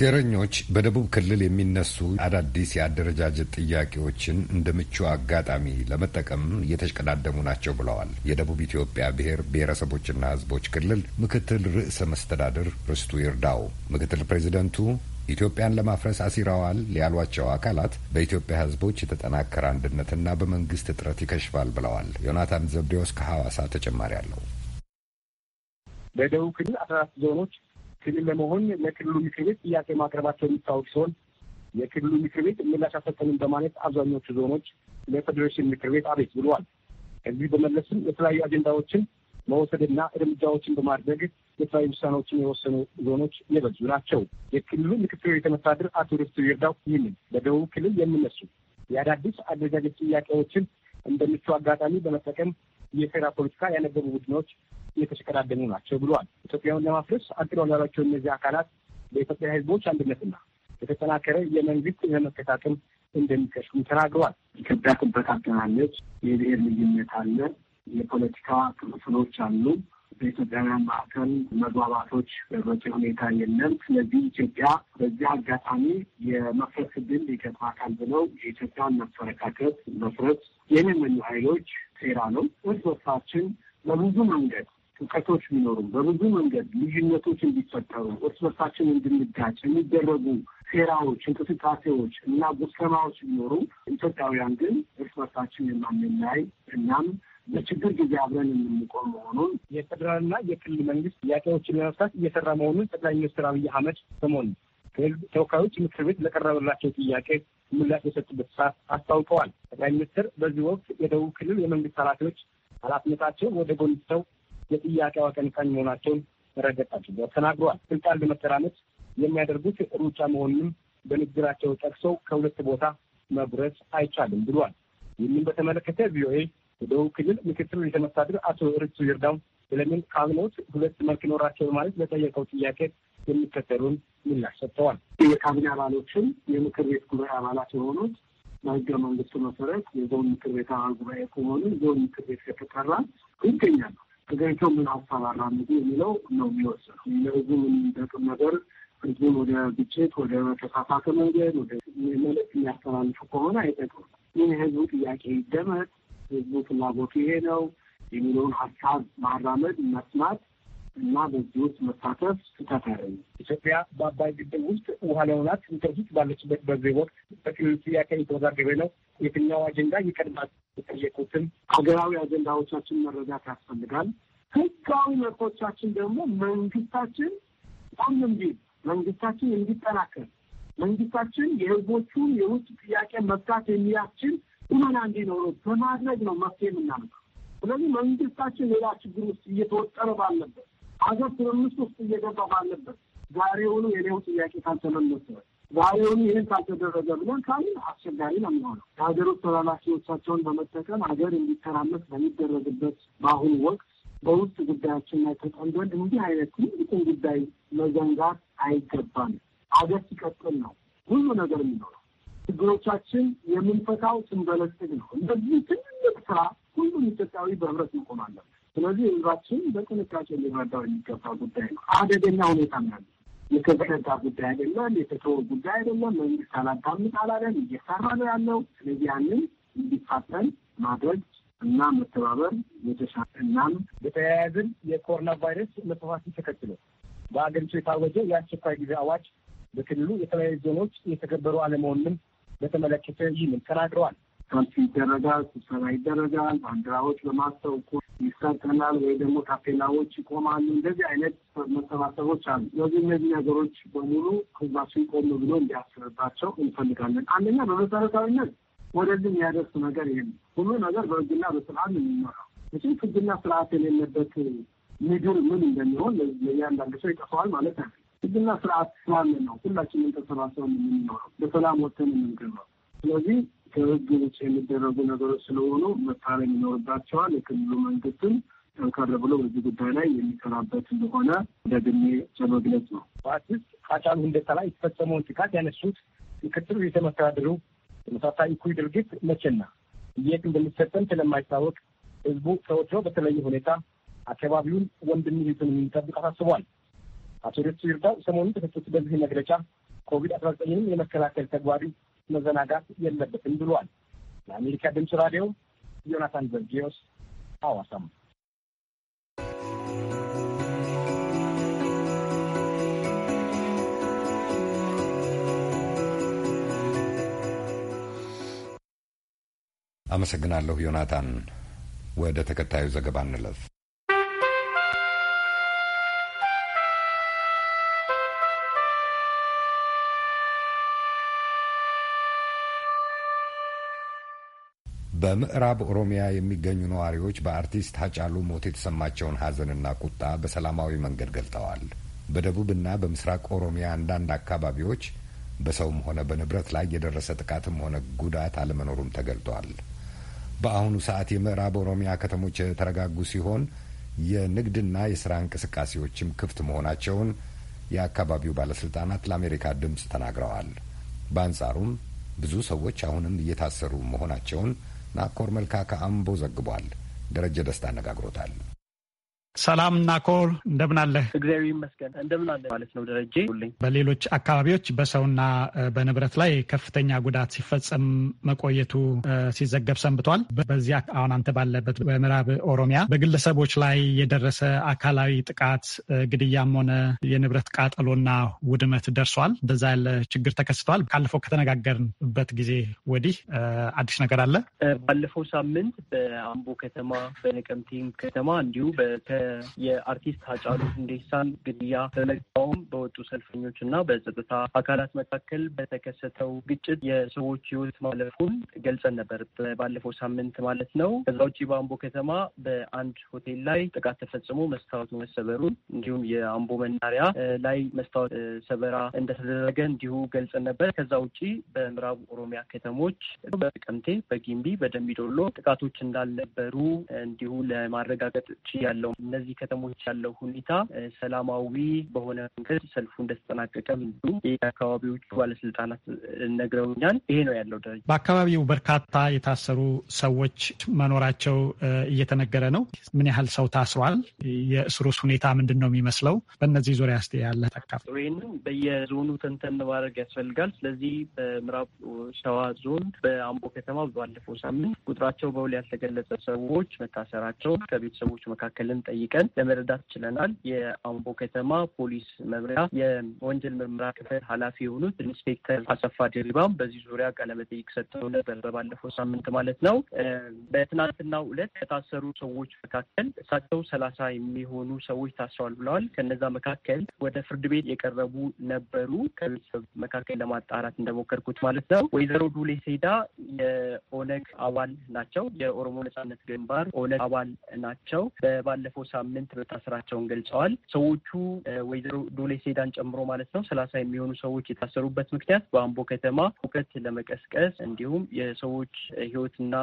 B: ሴረኞች በደቡብ ክልል የሚነሱ አዳዲስ የአደረጃጀት ጥያቄዎችን እንደ ምቹ አጋጣሚ ለመጠቀም እየተሽቀዳደሙ ናቸው ብለዋል የደቡብ ኢትዮጵያ ብሔር ብሔረሰቦችና ሕዝቦች ክልል ምክትል ርዕሰ መስተዳድር ርስቱ ይርዳው። ምክትል ፕሬዚደንቱ ኢትዮጵያን ለማፍረስ አሲረዋል ያሏቸው አካላት በኢትዮጵያ ህዝቦች የተጠናከረ አንድነትና በመንግስት እጥረት ይከሽፋል ብለዋል። ዮናታን ዘብዴዎስ ከሐዋሳ ተጨማሪ አለው።
O: በደቡብ ክልል አስራ አራት ዞኖች ክልል ለመሆን ለክልሉ ምክር ቤት ጥያቄ ማቅረባቸው የሚታወቅ ሲሆን የክልሉ ምክር ቤት ምላሽ አሰጠንም በማለት አብዛኞቹ ዞኖች ለፌዴሬሽን ምክር ቤት አቤት ብለዋል። ከዚህ በመለስም የተለያዩ አጀንዳዎችን መውሰድና እርምጃዎችን በማድረግ የተለያዩ ውሳኔዎችን የወሰኑ ዞኖች የበዙ ናቸው። የክልሉ ምክትል ርዕሰ መስተዳድር አቶ ደስቱ ይርዳው ይህንን በደቡብ ክልል የሚነሱ የአዳዲስ አደረጃጀት ጥያቄዎችን እንደምቹ አጋጣሚ በመጠቀም የሴራ ፖለቲካ ያነገቡ ቡድኖች እየተሽቀዳደሙ ናቸው ብለዋል። ኢትዮጵያን ለማፍረስ አቅደዋል ያሏቸው እነዚህ አካላት በኢትዮጵያ ሕዝቦች አንድነትና የተጠናከረ የመንግስት ለመከታተል አቅም እንደሚከሽፉም ተናግረዋል። ኢትዮጵያ ትበታተናለች። የብሔር ልዩነት አለ። የፖለቲካ ክፍፍሎች አሉ። በኢትዮጵያውያን መካከል መግባባቶች በበቂ ሁኔታ የለም። ስለዚህ ኢትዮጵያ በዚህ አጋጣሚ የመፍረስ ዕድል ይገጥማታል ብለው የኢትዮጵያን መፈረካከት መፍረስ የመመኙ ኃይሎች ሴራ ነው። እርስ በርሳችን በብዙ መንገድ እውቀቶች ቢኖሩም በብዙ መንገድ ልዩነቶች እንዲፈጠሩ እርስ በርሳችን እንድንጋጭ የሚደረጉ ሴራዎች፣ እንቅስቃሴዎች እና ጉሰማዎች ቢኖሩ ኢትዮጵያውያን ግን እርስ በርሳችን የማንለያይ እናም በችግር ጊዜ አብረን የምንቆም መሆኑን የፌዴራልና የክልል መንግስት ጥያቄዎችን ለመፍታት እየሰራ መሆኑን ጠቅላይ ሚኒስትር አብይ አህመድ ሰሞኑን ከህዝብ ተወካዮች ምክር ቤት ለቀረበላቸው ጥያቄ ምላሽ የሰጡበት ሰዓት አስታውቀዋል። ጠቅላይ ሚኒስትር በዚህ ወቅት የደቡብ ክልል የመንግስት ኃላፊዎች ኃላፊነታቸው ወደ ጎን ትተው የጥያቄው አቀንቃኝ መሆናቸውን መረገጣቸው ተናግረዋል። ስልጣን ለመተራመት የሚያደርጉት ሩጫ መሆኑንም በንግግራቸው ጠቅሰው ከሁለት ቦታ መጉረስ አይቻልም ብሏል። ይህንም በተመለከተ ቪኦኤ የደቡብ ክልል ምክትል ርዕሰ መስተዳድር አቶ ርቱ ይርዳው ስለምን ካቢኔዎች ሁለት መልክ ይኖራቸው በማለት ለጠየቀው ጥያቄ የሚከተሉን ምላሽ ሰጥተዋል። የካቢኔ አባሎችም የምክር ቤት ጉባኤ አባላት የሆኑት በህገ መንግስቱ መሰረት የዞን ምክር ቤት አባል ጉባኤ ከሆኑ ዞን ምክር ቤት ከተጠራ ይገኛሉ። ሀገሪቱ ምን ሀሳብ አራምዱ የሚለው ነው የሚወሰነው። ለህዝቡ ምን የሚጠቅም ነገር ህዝቡን ወደ ግጭት፣ ወደ ተሳሳተ መንገድ፣ ወደ መልእክት የሚያስተላልፉ ከሆነ አይጠቅም። ይህ የህዝቡ ጥያቄ ይደመጥ፣ ህዝቡ ፍላጎቱ ይሄ ነው የሚለውን ሀሳብ ማራመድ መስማት እና በዚህ ውስጥ መሳተፍ ስህተት አይደለም። ኢትዮጵያ በአባይ ግድብ ውስጥ ውሃ ለመሙላት ኢንተርቪት ባለችበት በዚህ ወቅት በክልል ጥያቄ የተወዛገበ ነው። የትኛው አጀንዳ ይቀድማል? የጠየቁትን ሀገራዊ አጀንዳዎቻችን መረዳት ያስፈልጋል። ህጋዊ መብቶቻችን ደግሞ መንግስታችን ሁሉም ቢል መንግስታችን እንዲጠናከር መንግስታችን የህዝቦቹን የውጭ ጥያቄ መፍታት የሚያስችል ቁመና እንዲኖረው በማድረግ ነው መፍትሄ የምናመጣው። ስለዚህ መንግስታችን ሌላ ችግር ውስጥ እየተወጠረ ባለበት አገር ትርምስ ውስጥ እየገባ ባለበት ዛሬውኑ የኔው ጥያቄ ካልተመለሰ ዛሬውኑ ይህን ካልተደረገ ብለን ካሉ አስቸጋሪ ነው የሚሆነው። የሀገሮች ተላላኪዎቻቸውን በመጠቀም ሀገር እንዲተራመስ በሚደረግበት በአሁኑ ወቅት በውስጥ ጉዳያችን ላይ ተጠምደን እንዲህ አይነት ትልቁን ጉዳይ መዘንጋት አይገባም። አገር ሲቀጥል ነው ሁሉ ነገር የሚኖረው። ችግሮቻችን የምንፈታው ስንበለጽግ ነው። እንደዚህ ትልቅ ስራ ሁሉም ኢትዮጵያዊ በህብረት መቆም አለበት። ስለዚህ ህዝባችን በጥንቃቄ ሊረዳው የሚገባ ጉዳይ ነው። አደገኛ ሁኔታ ነው ያለ የተዘረጋ ጉዳይ አይደለም። የተተወ ጉዳይ አይደለም። መንግስት አላዳምጥ አላለን እየሰራ ነው ያለው። ስለዚህ ያንን እንዲፋጠን ማድረግ እና መተባበር የተሻለ እናም በተያያዘን የኮሮና ቫይረስ መስፋፋትን ተከትሎ በአገሪቱ የታወጀው የአስቸኳይ ጊዜ አዋጅ በክልሉ የተለያዩ ዞኖች የተገበሩ አለመሆንም በተመለከተ ይህንን ተናግረዋል። ሰልፍ ይደረጋል፣ ስብሰባ ይደረጋል፣ ባንዲራዎች በማስተውኮ ይሰጠናል ወይ ደግሞ ታፔላዎች ይቆማሉ። እንደዚህ አይነት መሰባሰቦች አሉ። ስለዚህ እነዚህ ነገሮች በሙሉ ህዝባችን ቆም ብሎ እንዲያስብባቸው እንፈልጋለን። አንደኛ በመሰረታዊነት ወደዚህ የሚያደርሱ ነገር ይሄ ሁሉ ነገር በህግና በስርዓት የሚመራው እችም ህግና ስርዓት የሌለበት ምድር ምን እንደሚሆን ለእያንዳንዱ ሰው ይጠፋዋል ማለት ነው። ህግና ስርዓት ስላለ ነው ሁላችንም ተሰባሰብ የምንኖረው በሰላም ወተን የምንገባው። ስለዚህ ከህግ ውጭ የሚደረጉ ነገሮች ስለሆኑ መታረም ይኖርባቸዋል። የክልሉ መንግስትም ጠንከር ብሎ በዚህ ጉዳይ ላይ የሚሰራበት እንደሆነ ደግሜ ለመግለጽ ነው። በአርቲስት ሃጫሉ ሁንዴሳ ላይ የተፈጸመውን ጥቃት ያነሱት ምክትል ርዕሰ መስተዳድሩ ተመሳሳይ እኩይ ድርጊት መቼና የት እንደሚፈጸም ስለማይታወቅ ህዝቡ ከወትሮ በተለየ ሁኔታ አካባቢውን ወንድም ይዙትን የሚጠብቅ አሳስቧል። አቶ ደሱ ይርዳው ሰሞኑን በሰጡት በዚህ መግለጫ ኮቪድ አስራ ዘጠኝንም የመከላከል ተግባሪ መዘናጋት የለበትም ብሏል። ለአሜሪካ ድምፅ ራዲዮ ዮናታን ዘርጊዮስ ሐዋሳም
B: አመሰግናለሁ ዮናታን። ወደ ተከታዩ ዘገባ እንለፍ። በምዕራብ ኦሮሚያ የሚገኙ ነዋሪዎች በአርቲስት ሀጫሉ ሞት የተሰማቸውን ሀዘንና ቁጣ በሰላማዊ መንገድ ገልጠዋል። በደቡብና በምስራቅ ኦሮሚያ አንዳንድ አካባቢዎች በሰውም ሆነ በንብረት ላይ የደረሰ ጥቃትም ሆነ ጉዳት አለመኖሩም ተገልጧል። በአሁኑ ሰዓት የምዕራብ ኦሮሚያ ከተሞች የተረጋጉ ሲሆን የንግድና የስራ እንቅስቃሴዎችም ክፍት መሆናቸውን የአካባቢው ባለስልጣናት ለአሜሪካ ድምፅ ተናግረዋል። በአንጻሩም ብዙ ሰዎች አሁንም እየታሰሩ መሆናቸውን ናኮር መልካ ከአምቦ ዘግቧል። ደረጀ ደስታ አነጋግሮታል።
N: ሰላም ናኮር እንደምን አለህ?
P: እግዚአብሔር ይመስገን እንደምን አለ ማለት ነው ደረጀ።
N: በሌሎች አካባቢዎች በሰውና በንብረት ላይ ከፍተኛ ጉዳት ሲፈጸም መቆየቱ ሲዘገብ ሰንብቷል። በዚህ አሁን አንተ ባለበት በምዕራብ ኦሮሚያ በግለሰቦች ላይ የደረሰ አካላዊ ጥቃት፣ ግድያም ሆነ የንብረት ቃጠሎና ውድመት ደርሷል። እንደዛ ያለ ችግር ተከስተዋል። ካለፈው ከተነጋገርንበት ጊዜ ወዲህ አዲስ ነገር አለ?
P: ባለፈው ሳምንት በአምቦ ከተማ በነቀምቴም ከተማ እንዲሁ የአርቲስት ሃጫሉ ሁንዴሳን ግድያ በመቃወም በወጡ ሰልፈኞች እና በጸጥታ አካላት መካከል በተከሰተው ግጭት የሰዎች ህይወት ማለፉን ገልጸን ነበር ባለፈው ሳምንት ማለት ነው። ከዛ ውጭ በአምቦ ከተማ በአንድ ሆቴል ላይ ጥቃት ተፈጽሞ መስታወት መሰበሩን እንዲሁም የአምቦ መናሪያ ላይ መስታወት ሰበራ እንደተደረገ እንዲሁ ገልጸን ነበር። ከዛ ውጭ በምዕራብ ኦሮሚያ ከተሞች በቀምቴ፣ በጊምቢ፣ በደምቢዶሎ ጥቃቶች እንዳልነበሩ እንዲሁ ለማረጋገጥ ያለው እነዚህ ከተሞች ያለው ሁኔታ ሰላማዊ በሆነ መንገድ ሰልፉ እንደተጠናቀቀ እንዲሁም የአካባቢዎቹ ባለስልጣናት ነግረውኛል። ይሄ ነው ያለው ደረጃ።
N: በአካባቢው በርካታ የታሰሩ ሰዎች መኖራቸው እየተነገረ ነው። ምን ያህል ሰው ታስሯል? የእስሩስ ሁኔታ ምንድን ነው የሚመስለው? በእነዚህ ዙሪያ ስ ያለ ተካፍ
P: ይህንን በየዞኑ ተንተን ማድረግ ያስፈልጋል። ስለዚህ በምዕራብ ሸዋ ዞን በአምቦ ከተማ ባለፈው ሳምንት ቁጥራቸው በውል ያልተገለጸ ሰዎች መታሰራቸው ከቤተሰቦች መካከልን ጠ ጠይቀን ለመረዳት ችለናል። የአምቦ ከተማ ፖሊስ መምሪያ የወንጀል ምርመራ ክፍል ኃላፊ የሆኑት ኢንስፔክተር አሰፋ ድሪባም በዚህ ዙሪያ ቃለመጠይቅ ሰጥተው ነበር፣ በባለፈው ሳምንት ማለት ነው። በትናንትናው ዕለት ከታሰሩ ሰዎች መካከል እሳቸው ሰላሳ የሚሆኑ ሰዎች ታስረዋል ብለዋል። ከነዛ መካከል ወደ ፍርድ ቤት የቀረቡ ነበሩ። ከቤተሰብ መካከል ለማጣራት እንደሞከርኩት ማለት ነው። ወይዘሮ ዱሌ ሴዳ የኦነግ አባል ናቸው። የኦሮሞ ነጻነት ግንባር ኦነግ አባል ናቸው። በባለፈው ሳምንት መታሰራቸውን ገልጸዋል። ሰዎቹ ወይዘሮ ዶሌ ሴዳን ጨምሮ ማለት ነው ሰላሳ የሚሆኑ ሰዎች የታሰሩበት ምክንያት በአምቦ ከተማ ሁከት ለመቀስቀስ እንዲሁም የሰዎች ህይወትና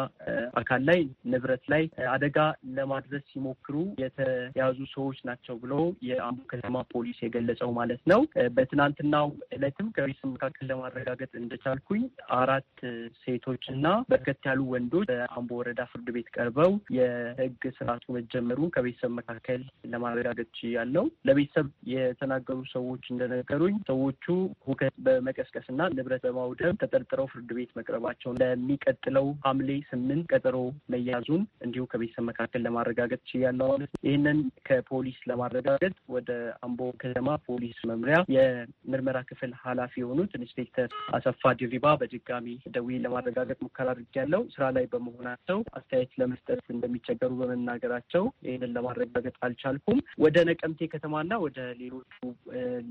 P: አካል ላይ ንብረት ላይ አደጋ ለማድረስ ሲሞክሩ የተያዙ ሰዎች ናቸው ብሎ የአምቦ ከተማ ፖሊስ የገለጸው ማለት ነው። በትናንትናው እለትም ከቤተሰብ መካከል ለማረጋገጥ እንደቻልኩኝ አራት ሴቶች እና በርከት ያሉ ወንዶች በአምቦ ወረዳ ፍርድ ቤት ቀርበው የህግ ስርዓቱ መጀመሩን ከቤተሰብ መካከል ለማረጋገጥ ያለው ለቤተሰብ የተናገሩ ሰዎች እንደነገሩኝ ሰዎቹ ሁከት በመቀስቀስ እና ንብረት በማውደም ተጠርጥረው ፍርድ ቤት መቅረባቸውን ለሚቀጥለው ሐምሌ ስምንት ቀጠሮ መያዙን እንዲሁ ከቤተሰብ መካከል ለማረጋገጥ ችያለሁ ማለት ነው። ይህንን ከፖሊስ ለማረጋገጥ ወደ አምቦ ከተማ ፖሊስ መምሪያ የምርመራ ክፍል ኃላፊ የሆኑት ኢንስፔክተር አሰፋ ድሪባ በድጋሚ ደዊ ለማረጋገጥ ሙከራ አድርጌያለሁ። ስራ ላይ በመሆናቸው አስተያየት ለመስጠት እንደሚቸገሩ በመናገራቸው ይህንን ለማድረግ ማረጋገጥ አልቻልኩም። ወደ ነቀምቴ ከተማና ወደ ሌሎቹ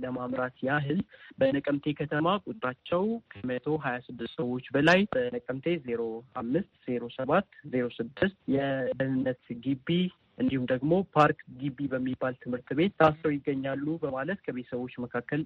P: ለማምራት ያህል በነቀምቴ ከተማ ቁጥራቸው ከመቶ ሀያ ስድስት ሰዎች በላይ በነቀምቴ ዜሮ አምስት ዜሮ ሰባት ዜሮ ስድስት የደህንነት ግቢ እንዲሁም ደግሞ ፓርክ ግቢ በሚባል ትምህርት ቤት ታስረው ይገኛሉ በማለት ከቤተሰቦች መካከል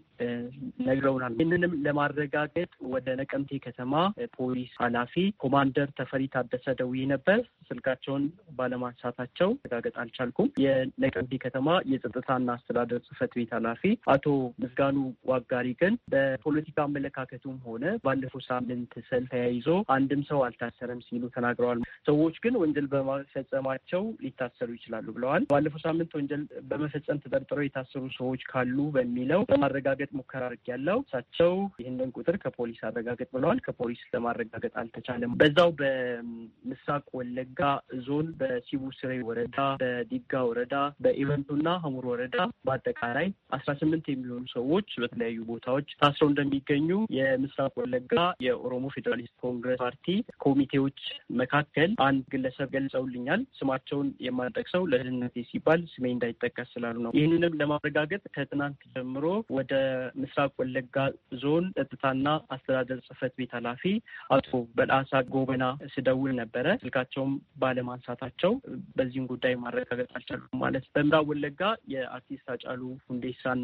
P: ነግረውናል። ይህንንም ለማረጋገጥ ወደ ነቀምቴ ከተማ ፖሊስ ኃላፊ ኮማንደር ተፈሪ ታደሰ ደውዬ ነበር። ስልካቸውን ባለማንሳታቸው መረጋገጥ አልቻልኩም። የነቀምቴ ከተማ የጸጥታና አስተዳደር ጽህፈት ቤት ኃላፊ አቶ ምስጋኑ ዋጋሪ ግን በፖለቲካ አመለካከቱም ሆነ ባለፈው ሳምንት ሰልፍ ተያይዞ አንድም ሰው አልታሰረም ሲሉ ተናግረዋል። ሰዎች ግን ወንጀል በማስፈጸማቸው ሊታሰሩ ይችላሉ ብለዋል። ባለፈው ሳምንት ወንጀል በመፈጸም ተጠርጥረው የታሰሩ ሰዎች ካሉ በሚለው ለማረጋገጥ ሙከራ ያለው እሳቸው ይህንን ቁጥር ከፖሊስ አረጋገጥ ብለዋል። ከፖሊስ ለማረጋገጥ አልተቻለም። በዛው በምስራቅ ወለጋ ዞን በሲቡ ስሬ ወረዳ፣ በዲጋ ወረዳ፣ በኢቨንቱና ሀሙር ወረዳ በአጠቃላይ አስራ ስምንት የሚሆኑ ሰዎች በተለያዩ ቦታዎች ታስረው እንደሚገኙ የምስራቅ ወለጋ የኦሮሞ ፌዴራሊስት ኮንግረስ ፓርቲ ኮሚቴዎች መካከል አንድ ግለሰብ ገልጸውልኛል። ስማቸውን የማጠቅ ሰው ለደህንነቴ ሲባል ስሜ እንዳይጠቀስ ስላሉ ነው። ይህንንም ለማረጋገጥ ከትናንት ጀምሮ ወደ ምስራቅ ወለጋ ዞን ጸጥታና አስተዳደር ጽህፈት ቤት ኃላፊ አቶ በልአሳ ጎበና ስደውል ነበረ። ስልካቸውም ባለማንሳታቸው በዚህም ጉዳይ ማረጋገጥ አልቻሉም። ማለት በምዕራብ ወለጋ የአርቲስት አጫሉ ሁንዴሳን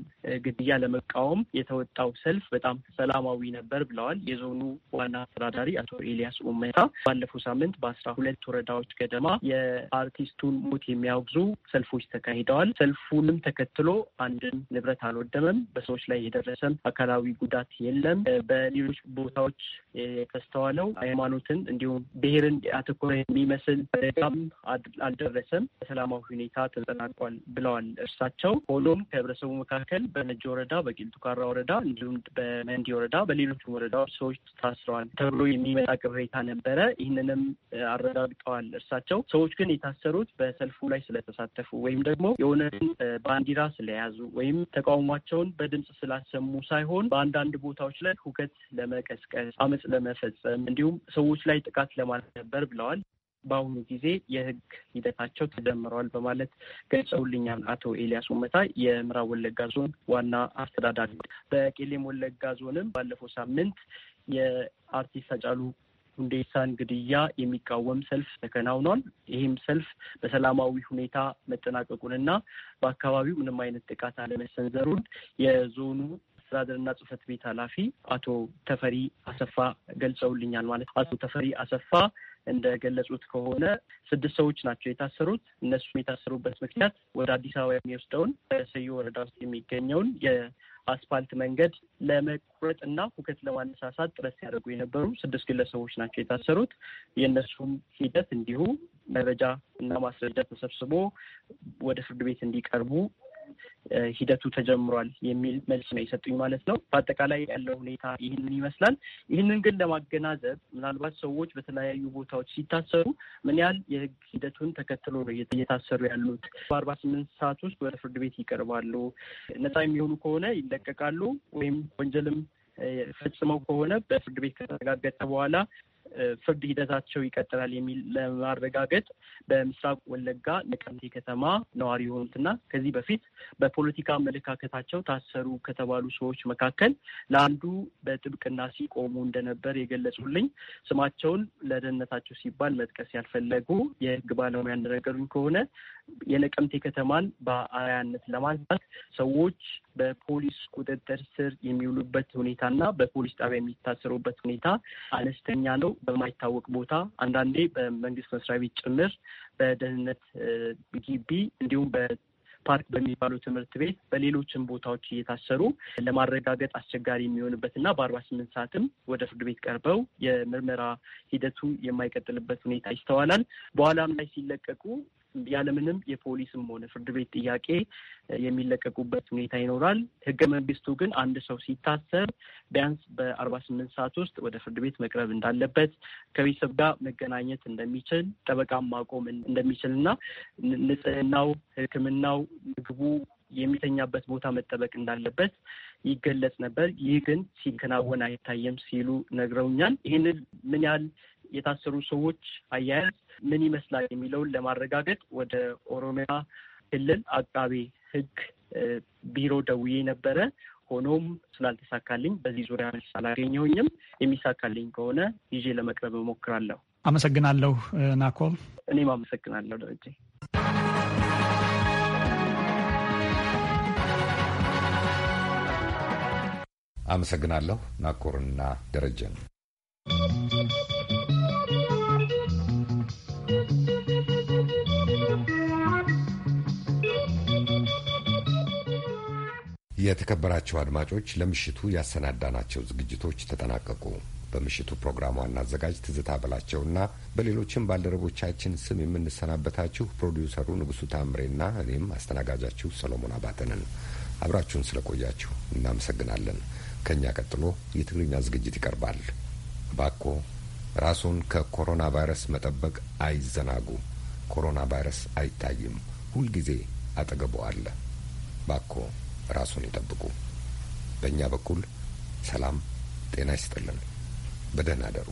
P: ግድያ ለመቃወም የተወጣው ሰልፍ በጣም ሰላማዊ ነበር ብለዋል። የዞኑ ዋና አስተዳዳሪ አቶ ኤልያስ ኡመታ ባለፈው ሳምንት በአስራ ሁለት ወረዳዎች ገደማ የአርቲስቱን ሞት የሚያወግዙ ሰልፎች ተካሂደዋል። ሰልፉንም ተከትሎ አንድን ንብረት አልወደመም፣ በሰዎች ላይ የደረሰም አካላዊ ጉዳት የለም። በሌሎች ቦታዎች የተስተዋለው ሃይማኖትን እንዲሁም ብሔርን አተኮረ የሚመስል አደጋም አልደረሰም፣ በሰላማዊ ሁኔታ ተጠናቋል ብለዋል እርሳቸው። ሆኖም ከህብረተሰቡ መካከል በነጆ ወረዳ፣ በጌልቱካራ ወረዳ እንዲሁም በመንዲ ወረዳ፣ በሌሎች ወረዳዎች ሰዎች ታስረዋል ተብሎ የሚመጣ ቅሬታ ነበረ። ይህንንም አረጋግጠዋል እርሳቸው። ሰዎች ግን የታሰሩት በሰልፉ ላይ ስለተሳተፉ ወይም ደግሞ የእውነትን ባንዲራ ስለያዙ ወይም ተቃውሟቸውን በድምፅ ስላሰሙ ሳይሆን በአንዳንድ ቦታዎች ላይ ሁከት ለመቀስቀስ፣ አመፅ ለመፈጸም እንዲሁም ሰዎች ላይ ጥቃት ለማለት ነበር ብለዋል። በአሁኑ ጊዜ የህግ ሂደታቸው ተጀምረዋል በማለት ገልጸውልኛል። አቶ ኤልያስ ውመታ የምዕራብ ወለጋ ዞን ዋና አስተዳዳሪ። በቄሌም ወለጋ ዞንም ባለፈው ሳምንት የአርቲስት ሃጫሉ ሁንዴሳን ግድያ የሚቃወም ሰልፍ ተከናውኗል። ይህም ሰልፍ በሰላማዊ ሁኔታ መጠናቀቁንና በአካባቢው ምንም አይነት ጥቃት አለመሰንዘሩን የዞኑ አስተዳደርና ጽህፈት ቤት ኃላፊ አቶ ተፈሪ አሰፋ ገልጸውልኛል። ማለት አቶ ተፈሪ አሰፋ እንደገለጹት ከሆነ ስድስት ሰዎች ናቸው የታሰሩት። እነሱም የታሰሩበት ምክንያት ወደ አዲስ አበባ የሚወስደውን በሰዮ ወረዳ ውስጥ የሚገኘውን አስፋልት መንገድ ለመቁረጥ እና ሁከት ለማነሳሳት ጥረት ሲያደርጉ የነበሩ ስድስት ግለሰቦች ናቸው የታሰሩት። የእነሱም ሂደት እንዲሁ መረጃ እና ማስረጃ ተሰብስቦ ወደ ፍርድ ቤት እንዲቀርቡ ሂደቱ ተጀምሯል የሚል መልስ ነው የሰጡኝ ማለት ነው። በአጠቃላይ ያለው ሁኔታ ይህንን ይመስላል። ይህንን ግን ለማገናዘብ ምናልባት ሰዎች በተለያዩ ቦታዎች ሲታሰሩ ምን ያህል የህግ ሂደቱን ተከትሎ ነው እየታሰሩ ያሉት? በአርባ ስምንት ሰዓት ውስጥ ወደ ፍርድ ቤት ይቀርባሉ። ነፃ የሚሆኑ ከሆነ ይለቀቃሉ ወይም ወንጀልም ፈጽመው ከሆነ በፍርድ ቤት ከተረጋገጠ በኋላ ፍርድ ሂደታቸው ይቀጥላል የሚል ለማረጋገጥ በምስራቅ ወለጋ ነቀምቴ ከተማ ነዋሪ የሆኑትና ከዚህ በፊት በፖለቲካ አመለካከታቸው ታሰሩ ከተባሉ ሰዎች መካከል ለአንዱ በጥብቅና ሲቆሙ እንደነበር የገለጹልኝ ስማቸውን ለደህንነታቸው ሲባል መጥቀስ ያልፈለጉ የሕግ ባለሙያ እንደነገሩኝ ከሆነ የነቀምቴ ከተማን በአርአያነት ለማንሳት ሰዎች በፖሊስ ቁጥጥር ስር የሚውሉበት ሁኔታና በፖሊስ ጣቢያ የሚታሰሩበት ሁኔታ አነስተኛ ነው። በማይታወቅ ቦታ አንዳንዴ በመንግስት መስሪያ ቤት ጭምር በደህንነት ግቢ እንዲሁም ፓርክ በሚባሉ ትምህርት ቤት በሌሎችም ቦታዎች እየታሰሩ ለማረጋገጥ አስቸጋሪ የሚሆንበት እና በአርባ ስምንት ሰዓትም ወደ ፍርድ ቤት ቀርበው የምርመራ ሂደቱ የማይቀጥልበት ሁኔታ ይስተዋላል። በኋላም ላይ ሲለቀቁ ያለምንም የፖሊስም ሆነ ፍርድ ቤት ጥያቄ የሚለቀቁበት ሁኔታ ይኖራል። ህገ መንግስቱ ግን አንድ ሰው ሲታሰር ቢያንስ በአርባ ስምንት ሰዓት ውስጥ ወደ ፍርድ ቤት መቅረብ እንዳለበት፣ ከቤተሰብ ጋር መገናኘት እንደሚችል፣ ጠበቃም ማቆም እንደሚችል እና ንጽህናው፣ ህክምናው ምግቡ የሚተኛበት ቦታ መጠበቅ እንዳለበት ይገለጽ ነበር። ይህ ግን ሲከናወን አይታየም ሲሉ ነግረውኛል። ይህንን ምን ያህል የታሰሩ ሰዎች አያያዝ ምን ይመስላል የሚለውን ለማረጋገጥ ወደ ኦሮሚያ ክልል አቃቤ ሕግ ቢሮ ደውዬ ነበረ። ሆኖም ስላልተሳካልኝ በዚህ ዙሪያ መልስ አላገኘሁኝም። የሚሳካልኝ ከሆነ ይዤ ለመቅረብ እሞክራለሁ።
N: አመሰግናለሁ ናኮል።
P: እኔም አመሰግናለሁ ደረጀ።
B: አመሰግናለሁ ናኮርና ደረጀን። የተከበራቸው አድማጮች ለምሽቱ ያሰናዳናቸው ዝግጅቶች ተጠናቀቁ። በምሽቱ ፕሮግራም ዋና አዘጋጅ ትዝታ በላቸውና በሌሎችም ባልደረቦቻችን ስም የምንሰናበታችሁ ፕሮዲውሰሩ ንጉሱ ታምሬና እኔም አስተናጋጃችሁ ሰሎሞን አባተንን አብራችሁን ስለቆያችሁ እናመሰግናለን። ከእኛ ቀጥሎ የትግርኛ ዝግጅት ይቀርባል። ባኮ ራሱን ከኮሮና ቫይረስ መጠበቅ አይዘናጉ። ኮሮና ቫይረስ አይታይም፣ ሁልጊዜ አጠገቡ አለ። ባኮ ራሱን ይጠብቁ። በእኛ በኩል ሰላም ጤና ይስጥልን። በደህና አደሩ።